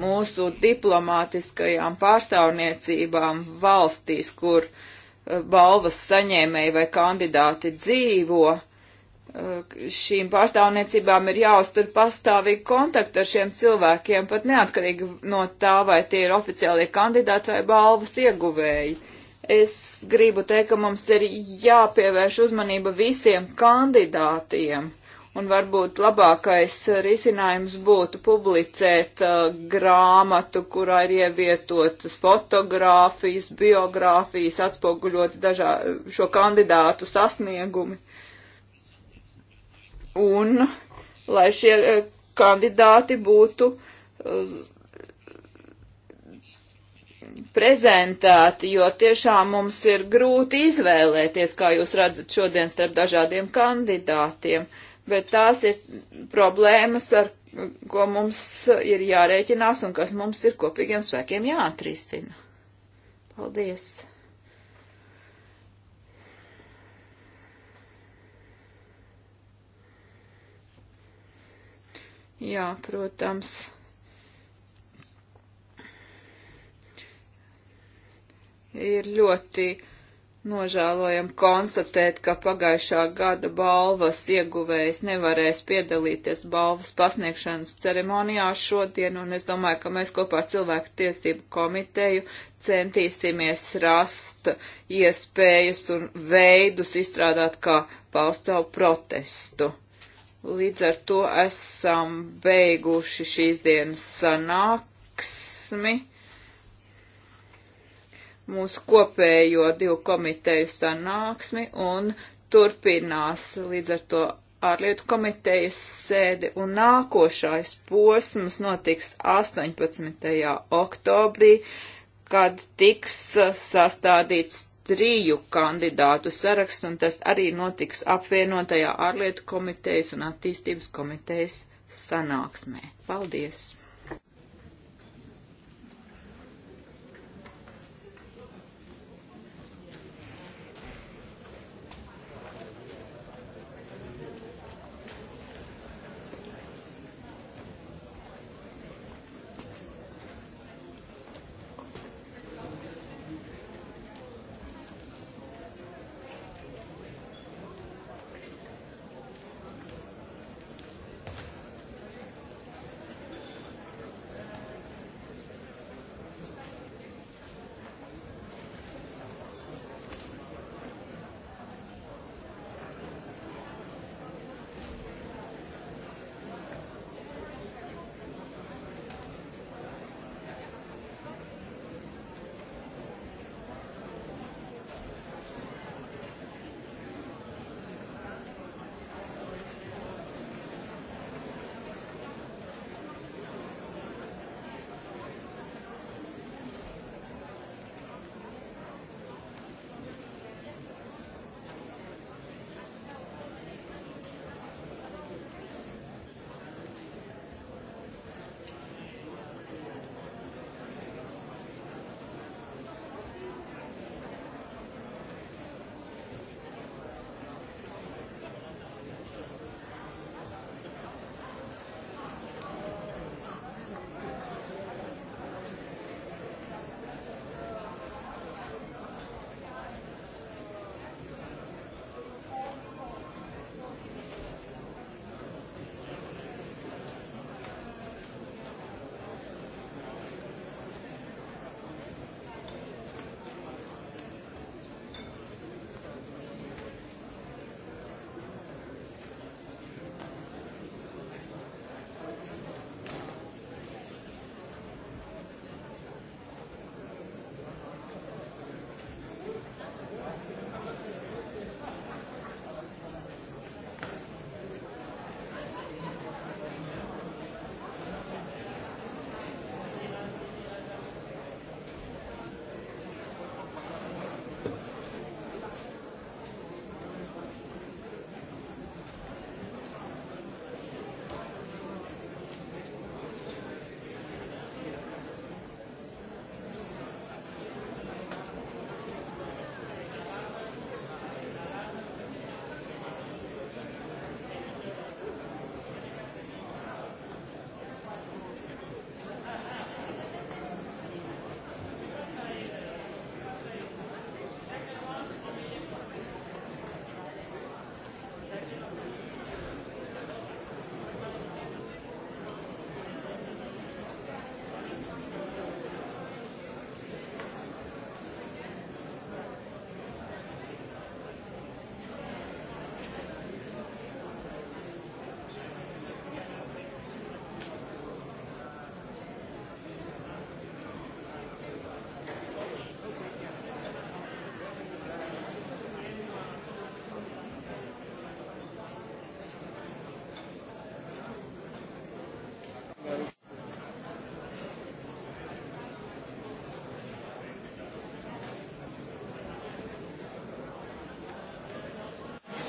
mūsu diplomātiskajām pārstāvniecībām valstīs, kur eh, balvas saņēmēji vai kandidāti dzīvo, eh, šīm pārstāvniecībām ir jāuztur pastāvīgi kontakti ar šiem cilvēkiem, pat neatkarīgi no tā, vai tie ir oficiālie kandidāti vai balvas ieguvēji. Es gribu teikt, ka mums ir jāpievērš uzmanība visiem kandidātiem Un varbūt labākais risinājums būtu publicēt uh, grāmatu, kurā ir ievietotas fotogrāfijas, biogrāfijas, atspoguļots dažā šo kandidātu sasniegumi. Un lai šie uh, kandidāti būtu uh, prezentēti, jo tiešām mums ir grūti izvēlēties, kā jūs redzat šodien starp dažādiem kandidātiem. Uh, bet tās ir problēmas, ar ko mums ir jārēķinās un kas mums ir kopīgiem spēkiem jāatrisina. Paldies! Jā, protams. Ir ļoti uh, Nožēlojam konstatēt, ka pagājušā gada balvas ieguvējs nevarēs piedalīties balvas pasniegšanas ceremonijā šodien, un es domāju, ka mēs kopā ar cilvēku tiesību komiteju centīsimies rast iespējas un veidus izstrādāt, kā paust savu protestu. Līdz ar to esam beiguši šīs dienas sanāksmi mūsu kopējo divu komiteju sanāksmi un turpinās līdz ar to ārlietu komitejas sēdi un nākošais posms notiks 18. oktobrī, kad tiks sastādīts triju kandidātu saraksts, un tas arī notiks apvienotajā ārlietu komitejas un attīstības komitejas sanāksmē. Paldies!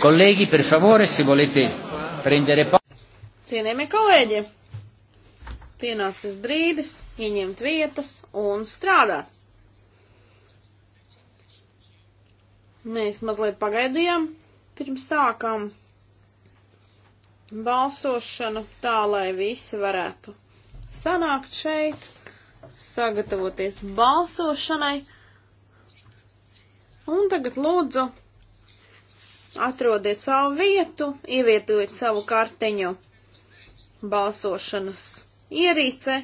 Colleghi, per favore, se volete prendere parte. Cienējamie kolēģi, pienācis brīdis ieņemt vietas un strādāt. Mēs mazliet pagaidījām, pirms sākam balsošanu tā, lai visi varētu sanākt šeit, sagatavoties balsošanai. Un tagad lūdzu Atrodiet savu vietu, ievietojiet savu karteņu balsošanas ierīce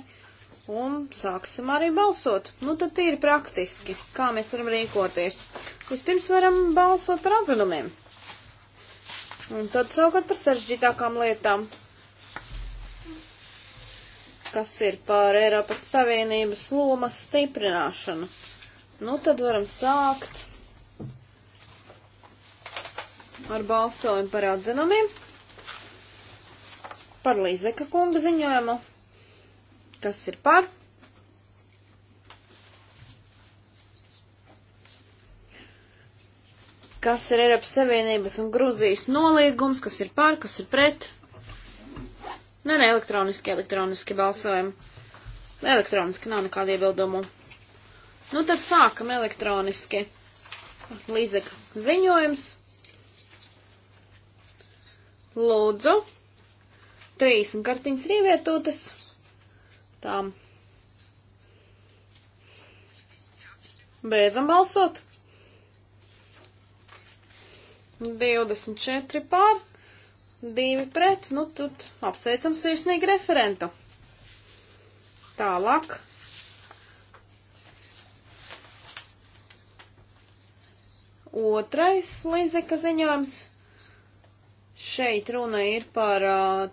un sāksim arī balsot. Nu, tad tīri praktiski, kā mēs varam rīkoties. Vispirms varam balsot par atzinumiem. Un tad savukārt par sarežģītākām lietām, kas ir par Eiropas Savienības lomas stiprināšanu. Nu, tad varam sākt ar balsojumu par atzinumiem, par Līzeka kunga ziņojumu, kas ir par. Kas ir Eiropas Savienības un Gruzijas nolīgums, kas ir par, kas ir pret. Nē, nē, elektroniski, elektroniski balsojam. Elektroniski nav nekāda iebildumu. Nu tad sākam elektroniski. Līdzekļu ziņojums. Lūdzu, trīs un kartiņas ir ievietotas. Tām. Beidzam balsot. 24 pār, 2 pret, nu tad apsveicam sirsnīgi referentu. Tālāk. Otrais līdzeka ziņojums Šeit runa ir par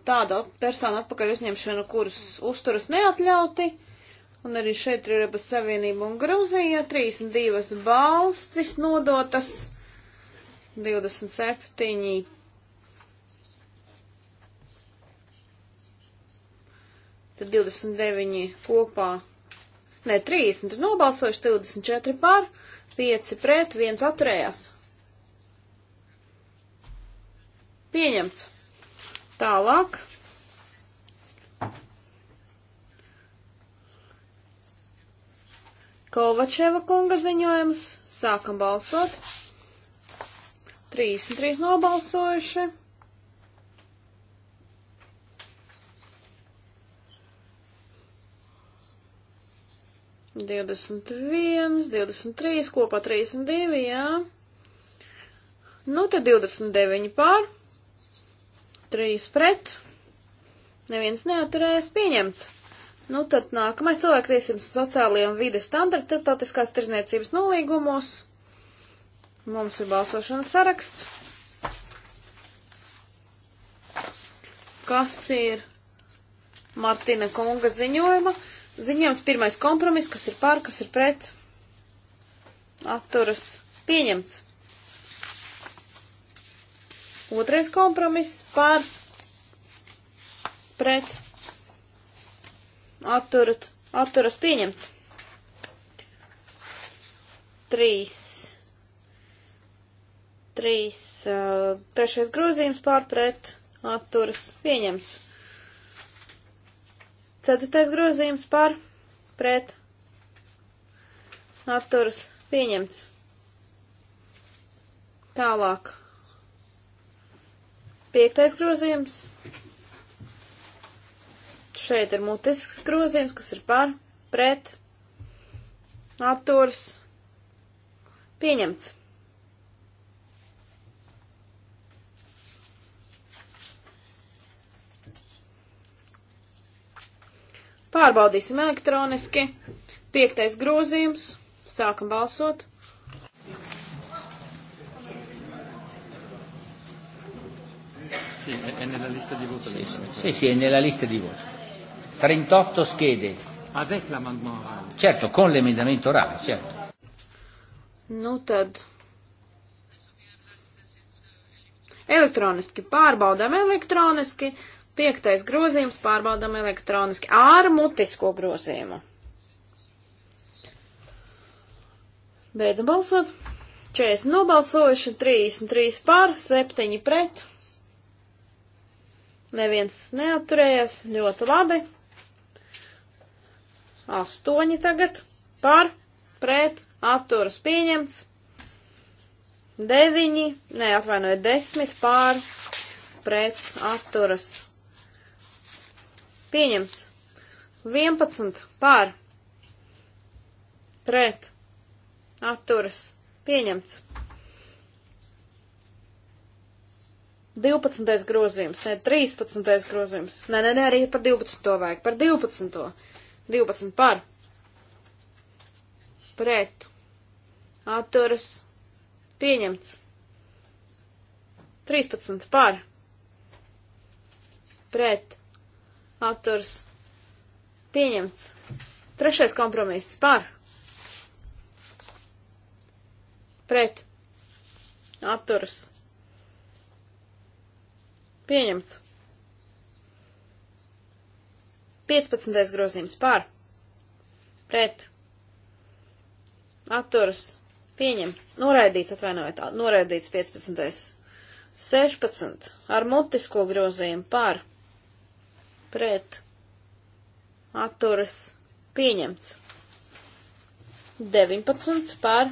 tādu personu atpakaļ uzņemšanu, kuras uzturas neatļauti, un arī šeit ir Eiropas Savienība un Gruzija, 32 balstis nodotas, 27 tad 29 kopā, ne, 30 nobalsojuši, 24 pār, 5 pret, 1 atturējās. Pieņemts. Tālāk. Kovačeva kunga ziņojums. Sākam balsot. 33 nobalsojuši. Divdesmit viens, divdesmit trīs, kopā trīsdesmit divi, jā. Nu, te divdesmit deviņi pār. 3 pret, neviens neaturējās pieņemts. Nu, tad nākamais cilvēktiesības un sociālajiem vides standarti starptautiskās tirzniecības nolīgumos. Mums ir balsošanas saraksts. Kas ir Martina Konga ziņojuma? Ziņojums pirmais kompromiss, kas ir pār, kas ir pret. Atturas pieņemts. Otrais kompromiss par pret atturat, atturas pieņemts. Trīs. Trīs. Uh, trešais grozījums par pret atturas pieņemts. Ceturtais grozījums par pret atturas pieņemts. Tālāk. Piektais grozījums. Šeit ir mutisks grozījums, kas ir par, pret, apturs, pieņemts. Pārbaudīsim elektroniski. Piektais grozījums. Sākam balsot. Sì, è nella lista di voto. Sì, sì, sì, sì, è nella lista di voto. 38 schede. Avec ah, l'amendement orale. Certo, con l'emendamento orale, certo. Nu tad. Elektroniski pārbaudām elektroniski. Piektais grozījums pārbaudām elektroniski ar mutisko grozījumu. Beidzam balsot. 40 nobalsojuši, 33 pār, 7 pret. Neviens neaturējās. Ļoti labi. Astoņi tagad. Par, pret, atturas pieņemts. Deviņi, ne, atvainojiet, desmit pār, pret, atturas. Pieņemts. Vienpadsmit pār, pret, atturas. Pieņemts. 12. grozījums, ne 13. grozījums. Nē, nē, nē, arī par 12. vajag. Par 12. 12 par. Pret. Atturas. Pieņemts. 13 par. Pret. Atturas. Pieņemts. Trešais kompromiss par. Pret. Atturas Pieņemts. 15. grozījums par, pret, atturas, pieņemts, noraidīts, atvainojiet, noraidīts 15. 16. ar mutisko grozījumu par, pret, atturas, pieņemts, 19. par,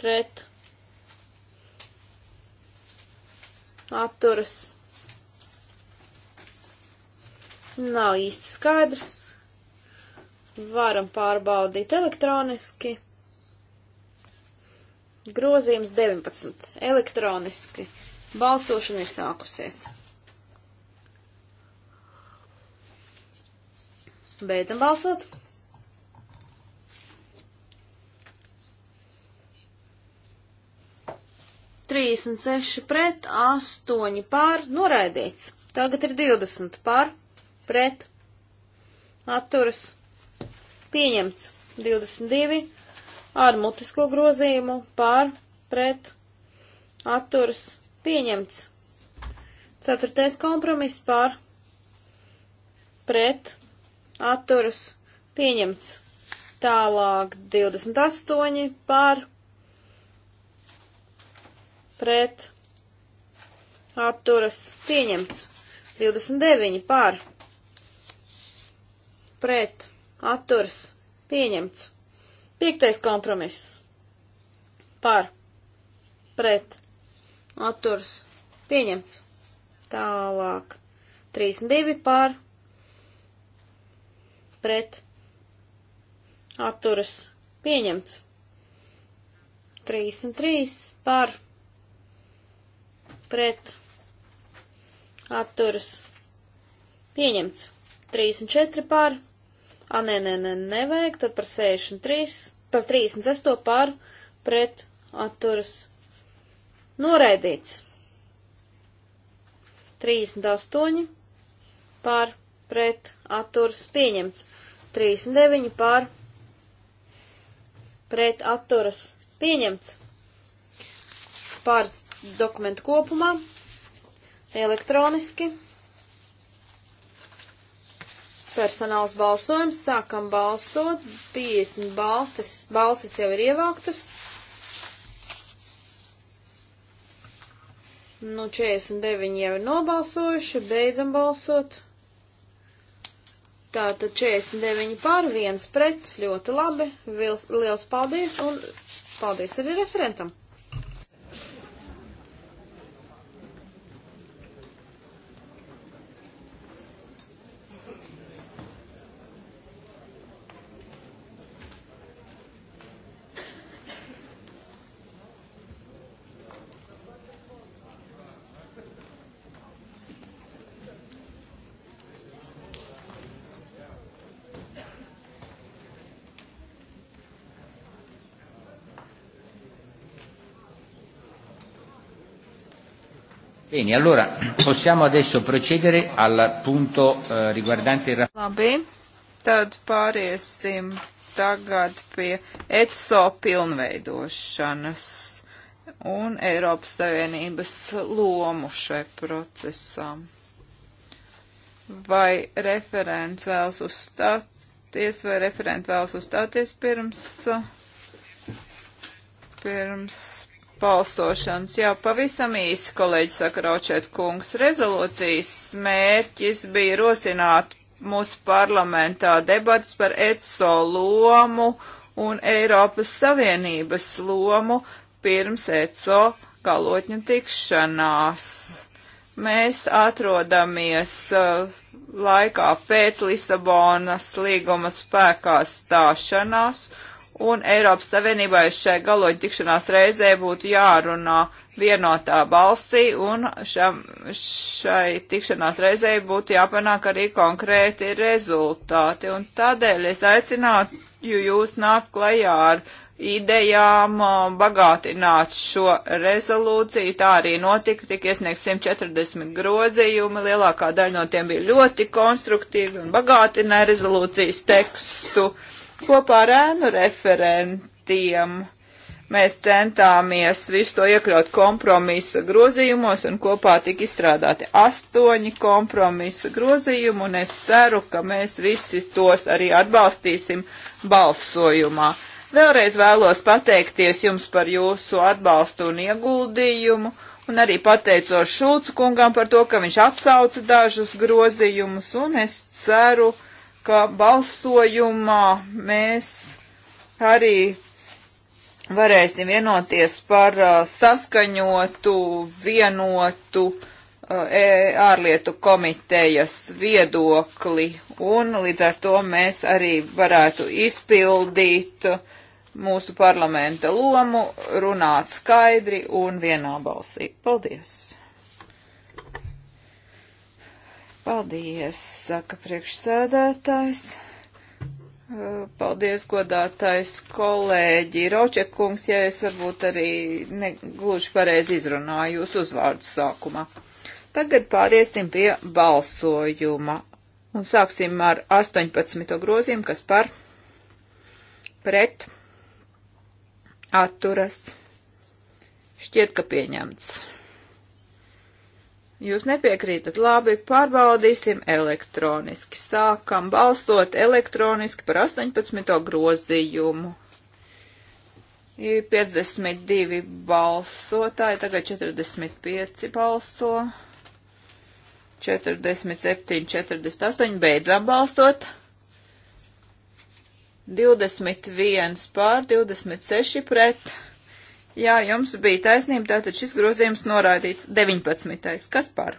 pret, atturas. Nav īsti skaidrs. Varam pārbaudīt elektroniski. Grozījums 19. Elektroniski. Balsošana ir sākusies. Beidzam balsot. 36 pret, 8 pār, noraidīts. Tagad ir 20 pār, pret, atturas, pieņemts. 22 ar mutisko grozījumu pār, pret, atturas, pieņemts. Ceturtais kompromiss pār, pret, atturas, pieņemts. Tālāk 28 pār, pret atturas pieņemts. 29 pār pret atturas pieņemts. Piektais kompromiss pār pret atturas pieņemts. Tālāk 32 pār pret atturas pieņemts. 33 pār pret pret atturas pieņemts. 34 pār, a, nē, nē, nē, nevajag, tad par 63, par 36 pār, pret atturas noraidīts. 38 pār, pret atturas pieņemts. 39 pār, pret atturas pieņemts. Pār dokumentu kopumā elektroniski. Personāls balsojums, sākam balsot, 50 balstis, balsis jau ir ievāktas. Nu, 49 jau ir nobalsojuši, beidzam balsot. Tātad 49 pār, 1 pret, ļoti labi, Vils, liels paldies un paldies arī referentam. Bene, allora possiamo adesso procedere al punto eh, riguardante il Labi, tad pāriesim tagad pie ECO pilnveidošanas un Eiropas Savienības lomu šai procesā. Vai referents vēlas uzstāties, vai referents vēlas uzstāties pirms, pirms balsošanas. Jā, pavisam īsi, kolēģi saka Raučēt kungs, rezolūcijas mērķis bija rosināt mūsu parlamentā debats par ECO lomu un Eiropas Savienības lomu pirms ECO galotņu tikšanās. Mēs atrodamies uh, laikā pēc Lisabonas līguma spēkā stāšanās, uh, un Eiropas Savienībai šai galoģi tikšanās reizē būtu jārunā vienotā balsī, un šam, šai tikšanās reizē būtu jāpanāk arī konkrēti rezultāti. Un tādēļ es aicinātu jūs nākt klajā ar idejām um, bagātināt šo rezolūciju. Tā arī notika, tika iesniegts 140 grozījumi, lielākā daļa no tiem bija ļoti konstruktīvi un bagātināja rezolūcijas tekstu. Uh, Kopā ar ēnu referentiem mēs centāmies visu to iekļaut kompromisa grozījumos, un kopā tika izstrādāti astoņi kompromisa grozījumi, un es ceru, ka mēs visi tos arī atbalstīsim balsojumā. Vēlreiz vēlos pateikties jums par jūsu atbalstu un ieguldījumu, un arī pateicos Šulcu kungam par to, ka viņš atsauca dažus grozījumus, un es ceru, ka ka balsojumā mēs arī varēsim vienoties par uh, saskaņotu, vienotu uh, e, ārlietu komitejas viedokli, un līdz ar to mēs arī varētu izpildīt mūsu parlamenta lomu, runāt skaidri un vienā balsī. Paldies! Paldies, saka priekšsēdētājs. Uh, paldies, godātais kolēģi Ročekungs, ja es varbūt arī negluži pareizi izrunāju jūsu uzvārdu sākumā. Tagad pāriesim pie balsojuma un sāksim ar 18. grozījumu, kas par pret atturas. Šķiet, ka pieņemts. Jūs nepiekrītat? Labi, pārbaudīsim elektroniski. Sākam balsot elektroniski par 18. grozījumu. Ir 52 balsotāji, tagad 45 balso. 47, 48, beidzām balsot. 21 pār, 26 pret. Jā, jums bija taisnība, tātad šis grozījums noraidīts 19. Kas par?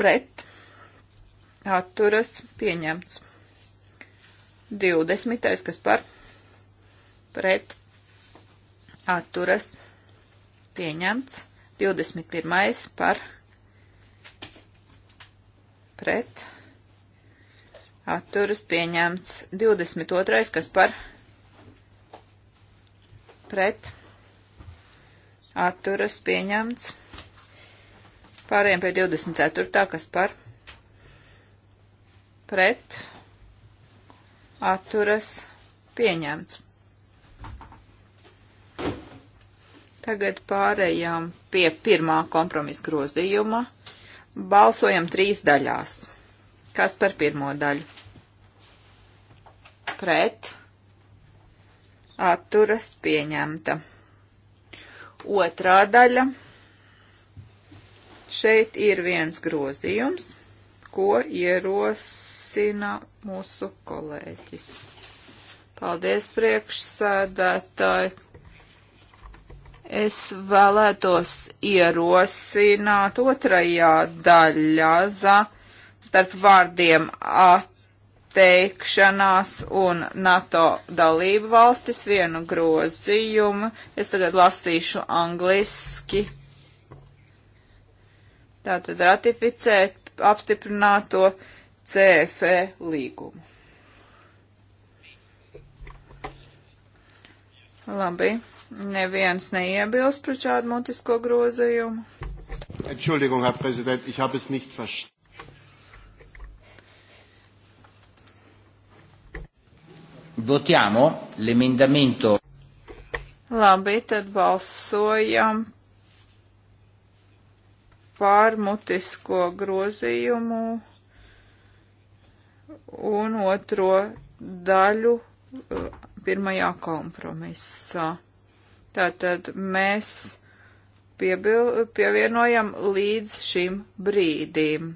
Pret. Atturas pieņemts. 20. Kas par? Pret. Atturas pieņemts. 21. par? Pret. Atturas pieņemts. 22. Kas par? Pret pret atturas pieņemts. Pārējiem pie 24. kas par pret atturas pieņemts. Tagad pārējām pie pirmā kompromisa grozījuma. Balsojam trīs daļās. Kas par pirmo daļu? Pret atturas pieņemta. Otrā daļa. Šeit ir viens grozījums, ko ierosina mūsu kolēģis. Paldies, priekšsēdētāji. Es vēlētos ierosināt otrajā daļā za starp vārdiem at teikšanās un NATO dalību valstis vienu grozījumu. Es tagad lasīšu angliski. Tātad ratificēt apstiprināto CFE līgumu. Labi, neviens neiebilst pret šādu mutisko grozījumu. Entschuldigung, Herr Präsident, ich habe es nicht verstanden. Votiamo l'emendamento. Labi, tad balsojam par mutisko grozījumu un otro daļu eh, pirmajā kompromisā. Tātad mēs piebil, pievienojam līdz šim brīdim.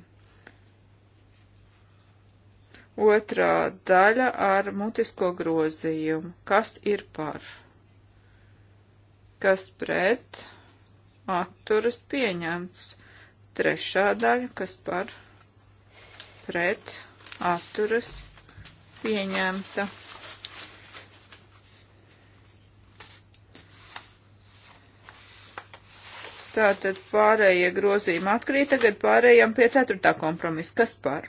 Otrā daļa ar mutisko grozījumu. Kas ir par? Kas pret? Atturas pieņemts. Trešā daļa, kas par? Pret? Atturas pieņemta. Tātad pārējie grozījumi atkrīt, tagad pārējām pie ceturtā kompromisa. Kas par?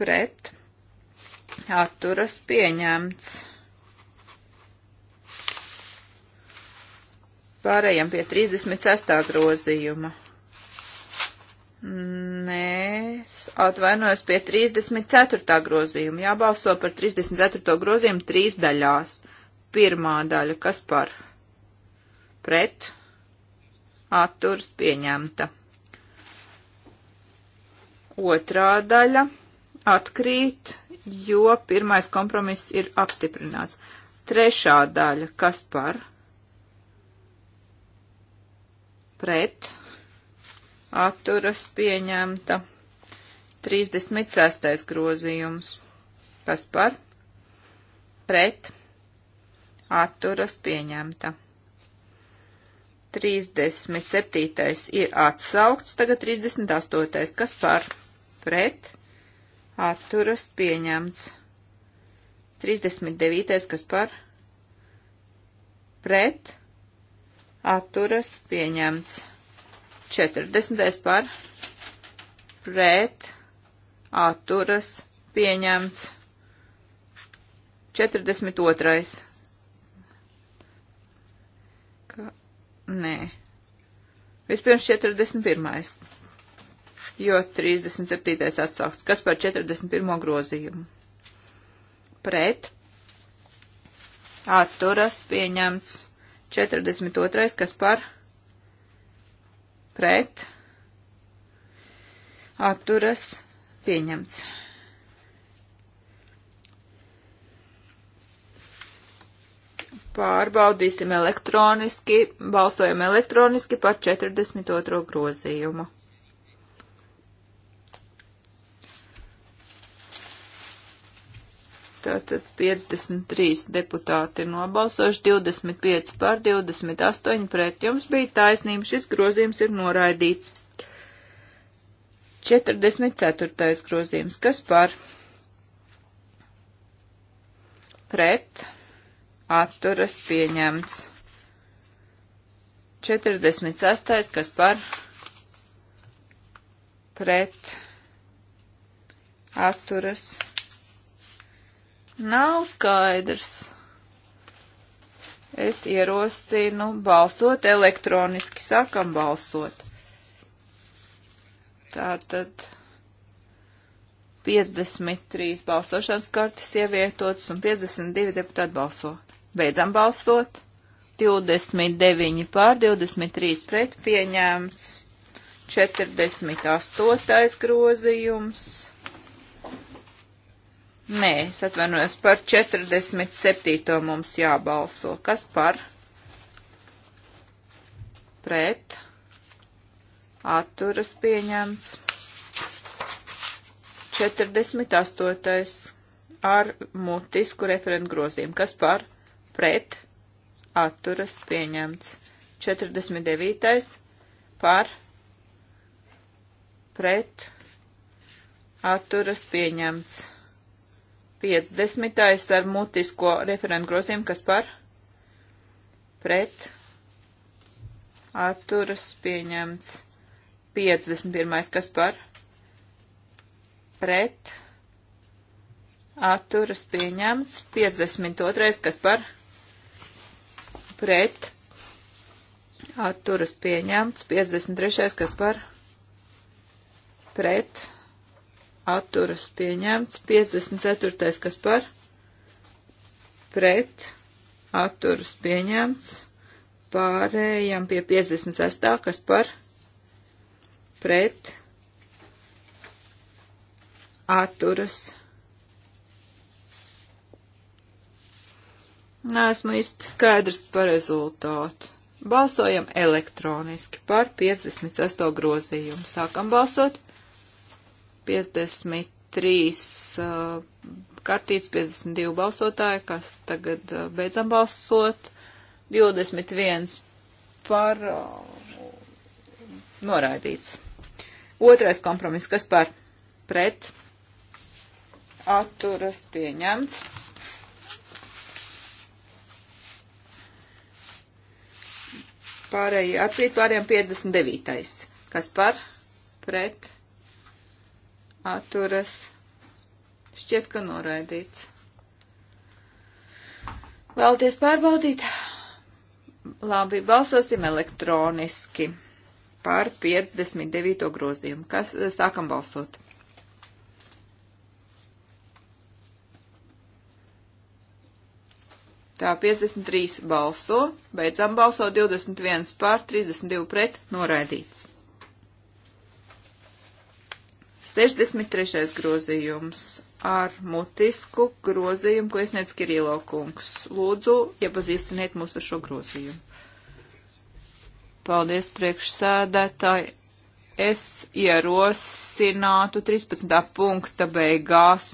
pret atturas pieņemts. Pārējām pie 36. grozījuma. Nē, atvainojos pie 34. grozījuma. Jābalso par 34. grozījumu trīs daļās. Pirmā daļa, kas par pret atturs pieņemta. Otrā daļa atkrīt, jo pirmais kompromiss ir apstiprināts. Trešā daļa, kas par pret atturas pieņemta. 36. grozījums, kas par pret atturas pieņemta. 37. ir atsaukts, tagad 38. kas par pret atturas pieņemts. 39. kas par pret atturas pieņemts. 40. par pret atturas pieņemts. 42. Ka, nē. Vispirms 41 jo 37. atsaukts. Kas par 41. grozījumu? Pret. Atturas pieņemts. 42. kas par? Pret. Atturas pieņemts. Pārbaudīsim elektroniski, balsojam elektroniski par 42. grozījumu. Tātad 53 deputāti ir nobalsojuši, 25 pār 28 pret. Jums bija taisnība, šis grozījums ir noraidīts. 44. grozījums. Kas par? Pret. Atturas pieņemts. 46. Kas par? Pret. Atturas pieņemts nav skaidrs. Es ierosinu balsot elektroniski, sākam balsot. Tātad 53 balsošanas kartes ievietotas un 52 deputāti balso. Beidzam balsot. 29 pār 23 pret pieņēmts 48. grozījums. Nē, es atvainojos, par 47. mums jābalso. Kas par? Pret. Atturas pieņemts. 48. ar mutisku referentu grozījumu. Kas par? Pret. Atturas pieņemts. 49. par? Pret. Atturas pieņemts. 50. ar mutisko referentu grozījumu, kas par pret atturas pieņemts. 51. kas par pret atturas pieņemts. 52. kas par pret atturas pieņemts. 53. kas par pret atturas pieņemts. 54. kas par pret atturas pieņemts. Pārējām pie 56. kas par pret atturas. Nesmu īsti skaidrs par rezultātu. Balsojam elektroniski par 56. grozījumu. Sākam balsot. 53 kartīts, 52 balsotāji, kas tagad uh, beidzam balsot, 21 par uh, noraidīts. Otrais kompromiss, kas par pret atturas pieņemts. Pārējie atkrīt pāriem 59. Kas par pret atturas šķiet, ka noraidīts. Vēlties pārbaudīt? Labi, balsosim elektroniski par 59. grozījumu. Kas sākam balsot? Tā 53 balso, beidzam balso 21 pār 32 pret, noraidīts. 63. grozījums ar mutisku grozījumu, ko iesniedz Kirilo kungs. Lūdzu, iepazīstiniet mūs ar šo grozījumu. Paldies, priekšsēdētāji. Es ierosinātu 13. punkta beigās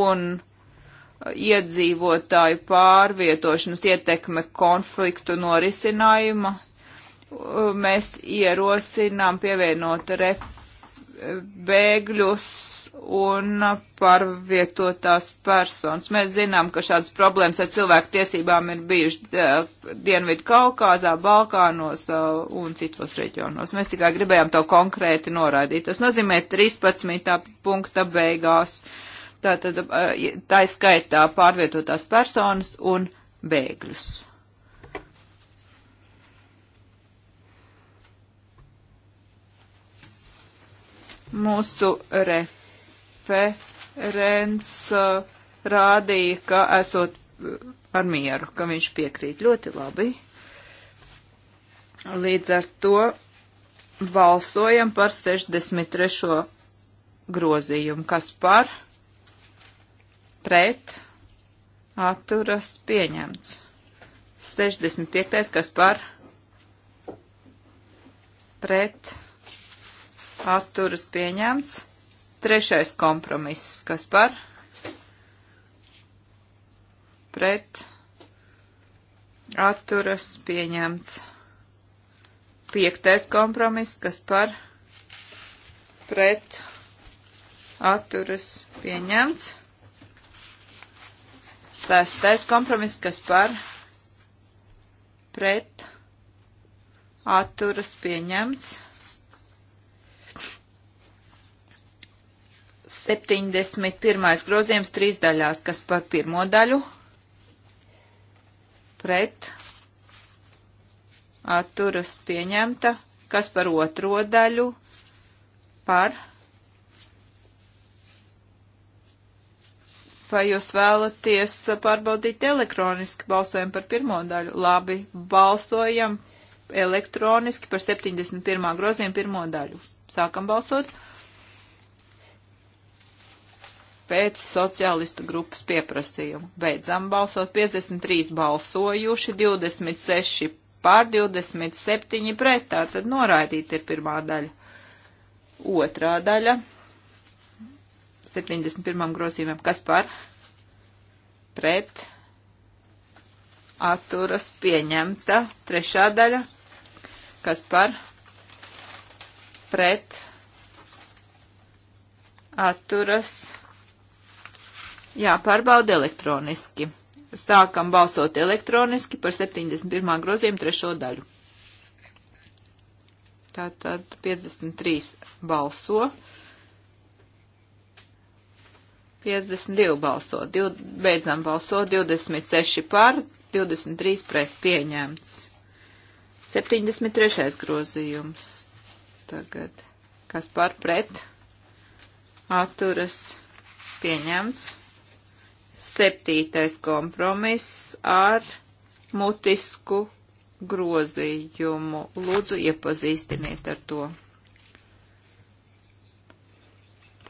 un iedzīvotāju pārvietošanas ietekme konfliktu norisinājuma mēs ierosinām pievienot ref bēgļus un pārvietotās personas. Mēs zinām, ka šādas problēmas ar cilvēku tiesībām ir bijušas Dienvidu Kaukāzā, Balkānos un citos reģionos. Mēs tikai gribējām to konkrēti norādīt. Tas nozīmē 13. punkta beigās. Tātad tā, tā, tā skaitā pārvietotās personas un bēgļus. Mūsu referents uh, rādīja, ka esot uh, ar mieru, ka viņš piekrīt ļoti labi. Līdz ar to balsojam par 63. grozījumu, kas par pret atturas pieņemts. 65. kas par pret atturas pieņemts. Trešais kompromiss, kas par pret atturas pieņemts. Piektais kompromiss, kas par pret atturas pieņemts. Sestais kompromiss, kas par pret atturas pieņemts. 71. grozījums trīs daļās, kas par pirmo daļu pret atturas pieņemta, kas par otro daļu par. Vai jūs vēlaties pārbaudīt elektroniski balsojumu par pirmo daļu? Labi, balsojam elektroniski par 71. grozījumu pirmo daļu. Sākam balsot pēc sociālistu grupas pieprasījuma. Beidzam balsot 53 balsojuši, 26 pār 27 pret, tā tad noraidīta ir pirmā daļa. Otrā daļa 71 grozījumam, kas par pret atturas pieņemta. Trešā daļa, kas par pret atturas pieņemta atturas jāpārbauda elektroniski. Sākam balsot elektroniski par 71. grozījumu trešo daļu. Tātad 53 balso, 52 balso, div, beidzam balso, 26 par, 23 pret pieņemts. 73. grozījums. Tagad, kas par pret, atturas pieņemts. Septītais kompromiss ar mutisku grozījumu. Lūdzu, iepazīstiniet ar to.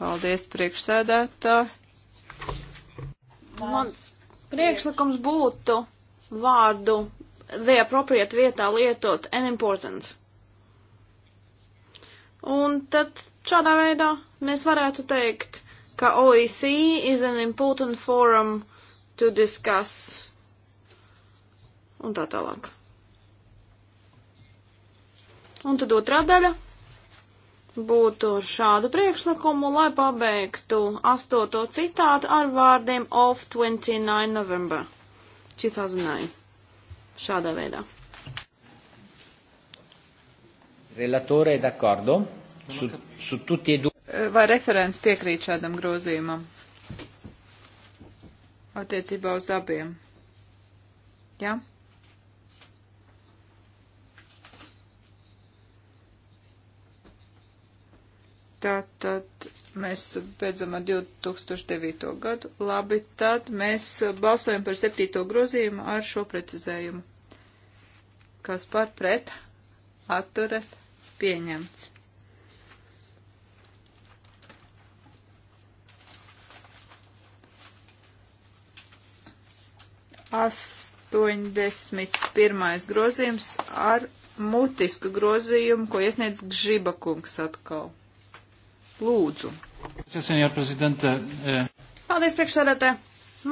Paldies, priekšsēdētāji. Mans priekšlikums būtu vārdu the appropriate vietā lietot an importance. Un tad šādā veidā mēs varētu teikt, ka OEC is an important forum to discuss un tā tālāk. Un tad otrā daļa būtu šādu priekšlikumu, lai pabeigtu astoto citātu ar vārdiem of 29 November 2009. Šādā veidā. Relatore d'accordo su, su tutti e due. Vai referents piekrīt šādam grozījumam? Attiecībā uz abiem. Jā? Ja? Tātad mēs beidzam ar 2009. gadu. Labi, tad mēs balsojam par septīto grozījumu ar šo precizējumu. Kas par pret atturas pieņemts. 81. grozījums ar mutisku grozījumu, ko iesniedz Gžiba kungs atkal. Lūdzu. Eh, Paldies, priekšsēdētē.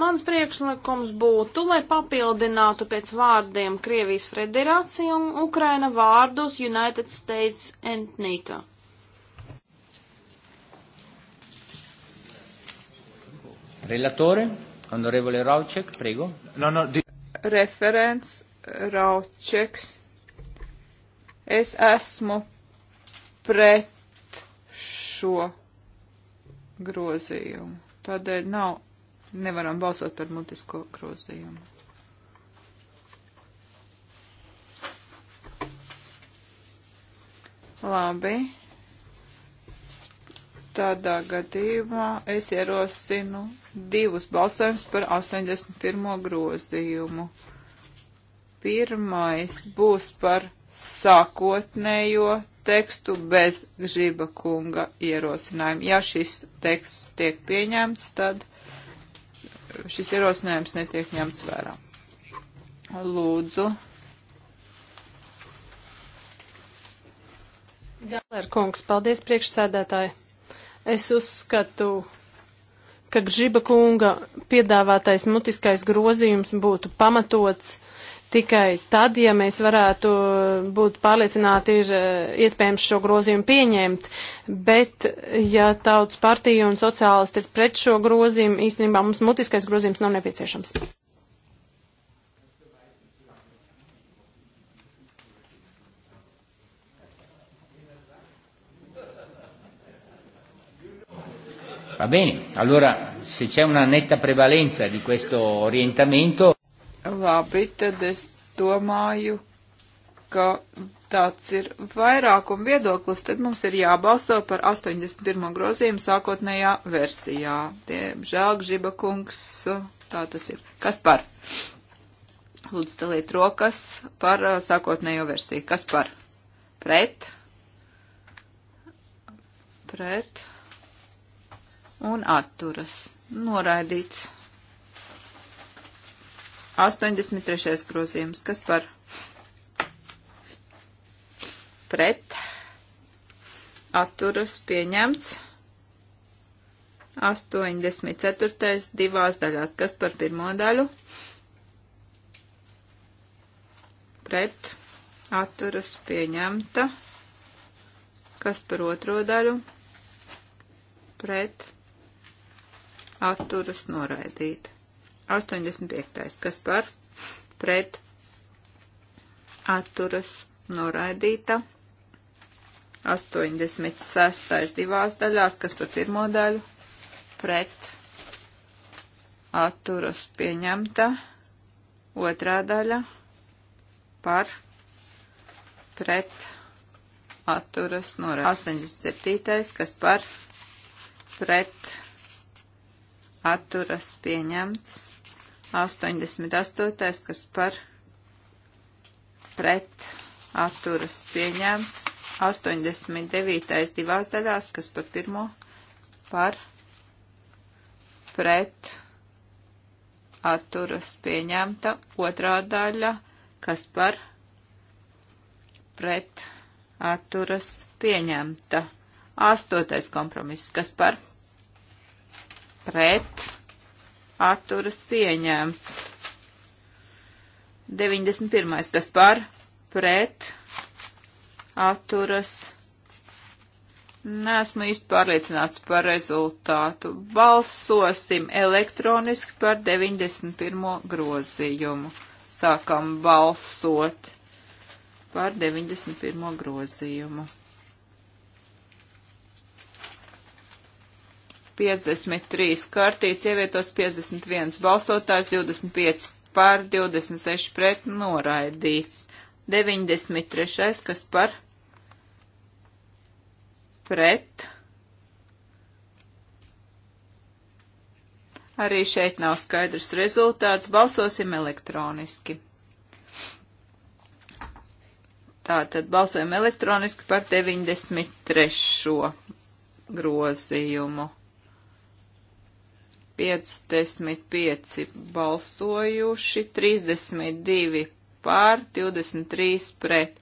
Mans priekšlikums būtu, lai papildinātu pēc vārdiem Krievijas federācija un Ukraina vārdus United States and NATO. Relatore? Onorevole Rauček, prego. No, no, di... Referents Raučeks. Es esmu pret šo grozījumu. Tādēļ nav, nevaram balsot par mutisko grozījumu. Labi. Tādā gadījumā es ierosinu divus balsojumus par 81. grozījumu. Pirmais būs par sākotnējo tekstu bez Gžiba kunga ierosinājuma. Ja šis teksts tiek pieņemts, tad šis ierosinājums netiek ņemts vērā. Lūdzu. Galer kungs, paldies priekšsēdētāji. Es uzskatu, ka Gžiba kunga piedāvātais mutiskais grozījums būtu pamatots tikai tad, ja mēs varētu būt pārliecināti, ir eh, iespējams šo grozījumu pieņemt, bet ja tautas partija un sociālisti ir pret šo grozījumu, īstenībā mums mutiskais grozījums nav nepieciešams. Va bene, allora se c'è una netta prevalenza di questo orientamento. Labi, tad es domāju, ka tāds ir vairākuma viedoklis, tad mums ir jābalso par 81. grozījumu sākotnējā versijā. Diemžēl Gžiba kungs, tā tas ir. Kas par? Lūdzu, steliet rokas par uh, sākotnējo versiju. Kas par? Pret? Pret? un atturas. Noraidīts. 83. grozījums. Kas par? Pret. Atturas pieņemts. 84. divās daļās. Kas par pirmo daļu? Pret. Atturas pieņemta. Kas par otro daļu? Pret atturas noraidīt. 85. kas par pret atturas noraidīta. 86. divās daļās, kas par pirmo daļu pret atturas pieņemta. Otrā daļa par pret atturas noraidīta. 87. kas par pret atturas noraidīta atturas pieņemts. 88. kas par pret atturas pieņemts. 89. divās daļās, kas par pirmo par pret atturas pieņemta. Otrā daļa, kas par pret atturas pieņemta. Astotais kompromiss, kas par pret atturas pieņemts. 91. kas par pret atturas. Nesmu īsti pārliecināts par rezultātu. Balsosim elektroniski par 91. grozījumu. Sākam balsot par 91. grozījumu. 53 kartīts, ievietos 51 balsotājs, 25 par, 26 pret, noraidīts. 93, kas par pret. Arī šeit nav skaidrs rezultāts, balsosim elektroniski. Tātad balsojam elektroniski par 93. grozījumu. 55 balsojuši, 32 pār, 23 pret.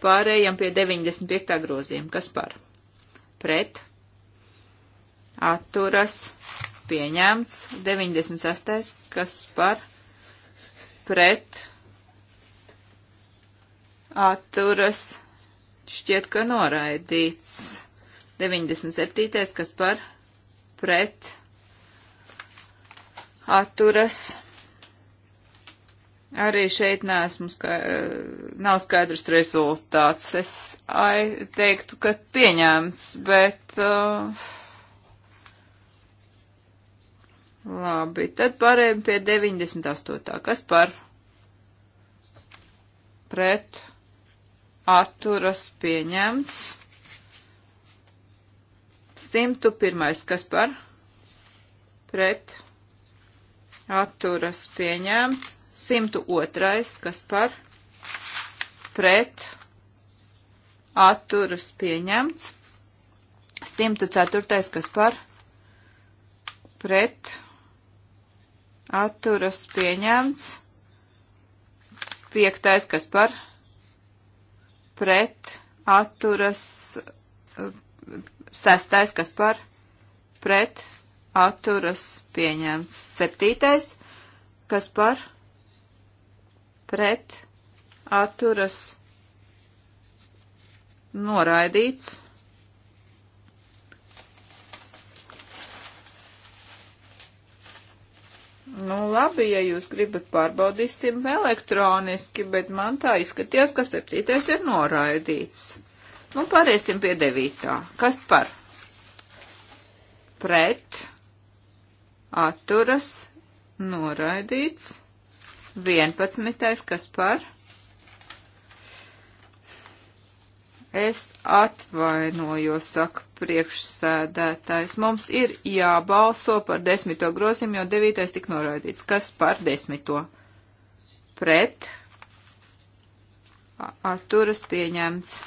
Pārējām pie 95. grozījuma. Kas par? Pret. Atturas. Pieņemts. 96. Kas par? Pret. Atturas. Šķiet, ka noraidīts. 97. Kas par? Pret atturas. Arī šeit neesmu skai, nav skaidrs rezultāts. Es ai, teiktu, ka pieņēmts, bet. Uh, labi, tad pārējiem pie 98. Kas par? Pret. Atturas pieņemts. 101. Kas par? Pret atturas pieņemts. 102. kas par pret atturas pieņemts. 104. kas par pret atturas pieņemts. 5. kas par pret atturas. 6. kas par pret atturas pieņemts. Septītais, kas par pret atturas noraidīts. Nu, labi, ja jūs gribat pārbaudīsim elektroniski, bet man tā izskatījās, ka septītais ir noraidīts. Nu, pāriesim pie devītā. Kas par? Pret atturas noraidīts. 11. kas par? Es atvainojos, saka priekšsēdētājs. Mums ir jābalso par desmito grozījumu, jo devītais tik noraidīts. Kas par desmito? Pret. Atturas pieņemts.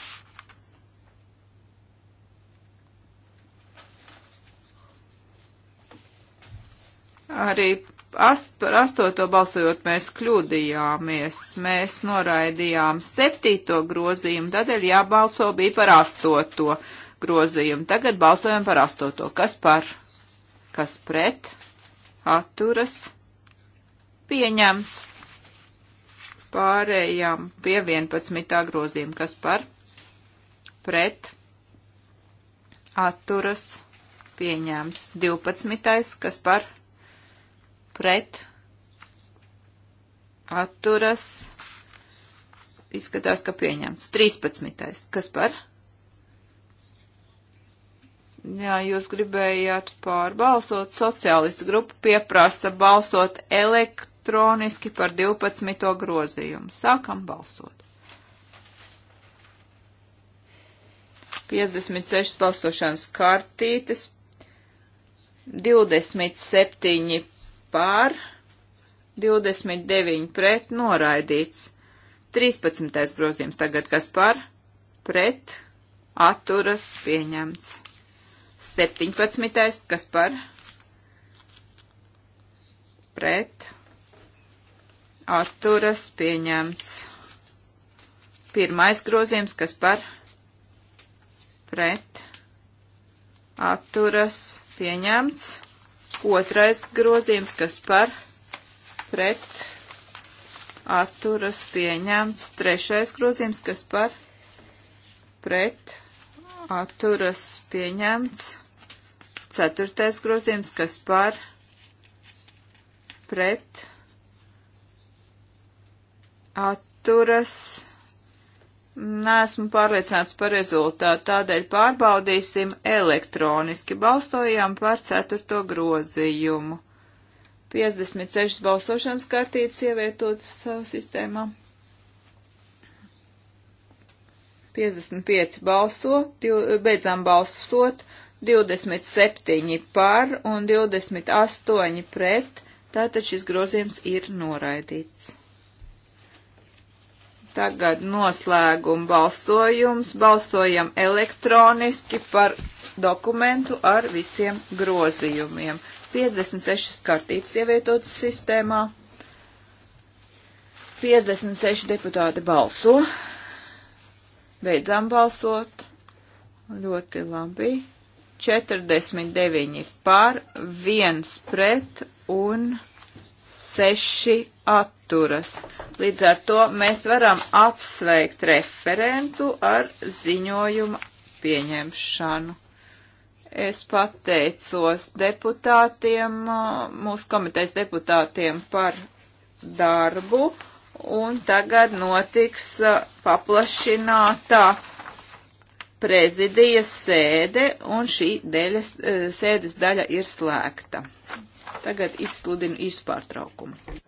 Arī ast, par astoto balsojot mēs kļūdījāmies. Mēs noraidījām septīto grozījumu, tādēļ jābalso bija par astoto grozījumu. Tagad balsojam par astoto. Kas par? Kas pret? Atturas? Pieņemts. Pārējām pie 11. grozījuma. Kas par? Pret? Atturas? Pieņemts. 12. Kas par? pret, atturas, izskatās, ka pieņemts. 13. Kas par? Jā, jūs gribējāt pārbalsot. Sociālistu grupa pieprasa balsot elektroniski par 12. grozījumu. Sākam balsot. 56 balsošanas kartītes, 27 pār, 29 pret, noraidīts. 13. grozījums tagad, kas par, pret, atturas, pieņemts. 17. kas par, pret, atturas, pieņemts. Pirmais grozījums, kas par, pret, atturas, pieņemts. Otrais grozījums, kas par pret atturas pieņemts. Trešais grozījums, kas par pret atturas pieņemts. Ceturtais grozījums, kas par pret atturas pieņemts atturas Nesmu pārliecināts par rezultātu, tādēļ pārbaudīsim elektroniski. Balstojām par ceturto grozījumu. 56 balsošanas kartītes ievietotas savā sistēmā. 55 balso, beidzām balsot, 27 par un 28 pret, tātad šis grozījums ir noraidīts. Tagad noslēguma balsojums. Balsojam elektroniski par dokumentu ar visiem grozījumiem. 56 kartītes ievietotas sistēmā. 56 deputāti balso. Beidzām balsot. Ļoti labi. 49 par, 1 pret un 6 atturas. Līdz ar to mēs varam apsveikt referentu ar ziņojumu pieņemšanu. Es pateicos deputātiem, mūsu komitejas deputātiem par darbu, un tagad notiks paplašinātā prezidijas sēde, un šī dēļas, e, sēdes daļa ir slēgta. Tagad izsludinu īstu pārtraukumu.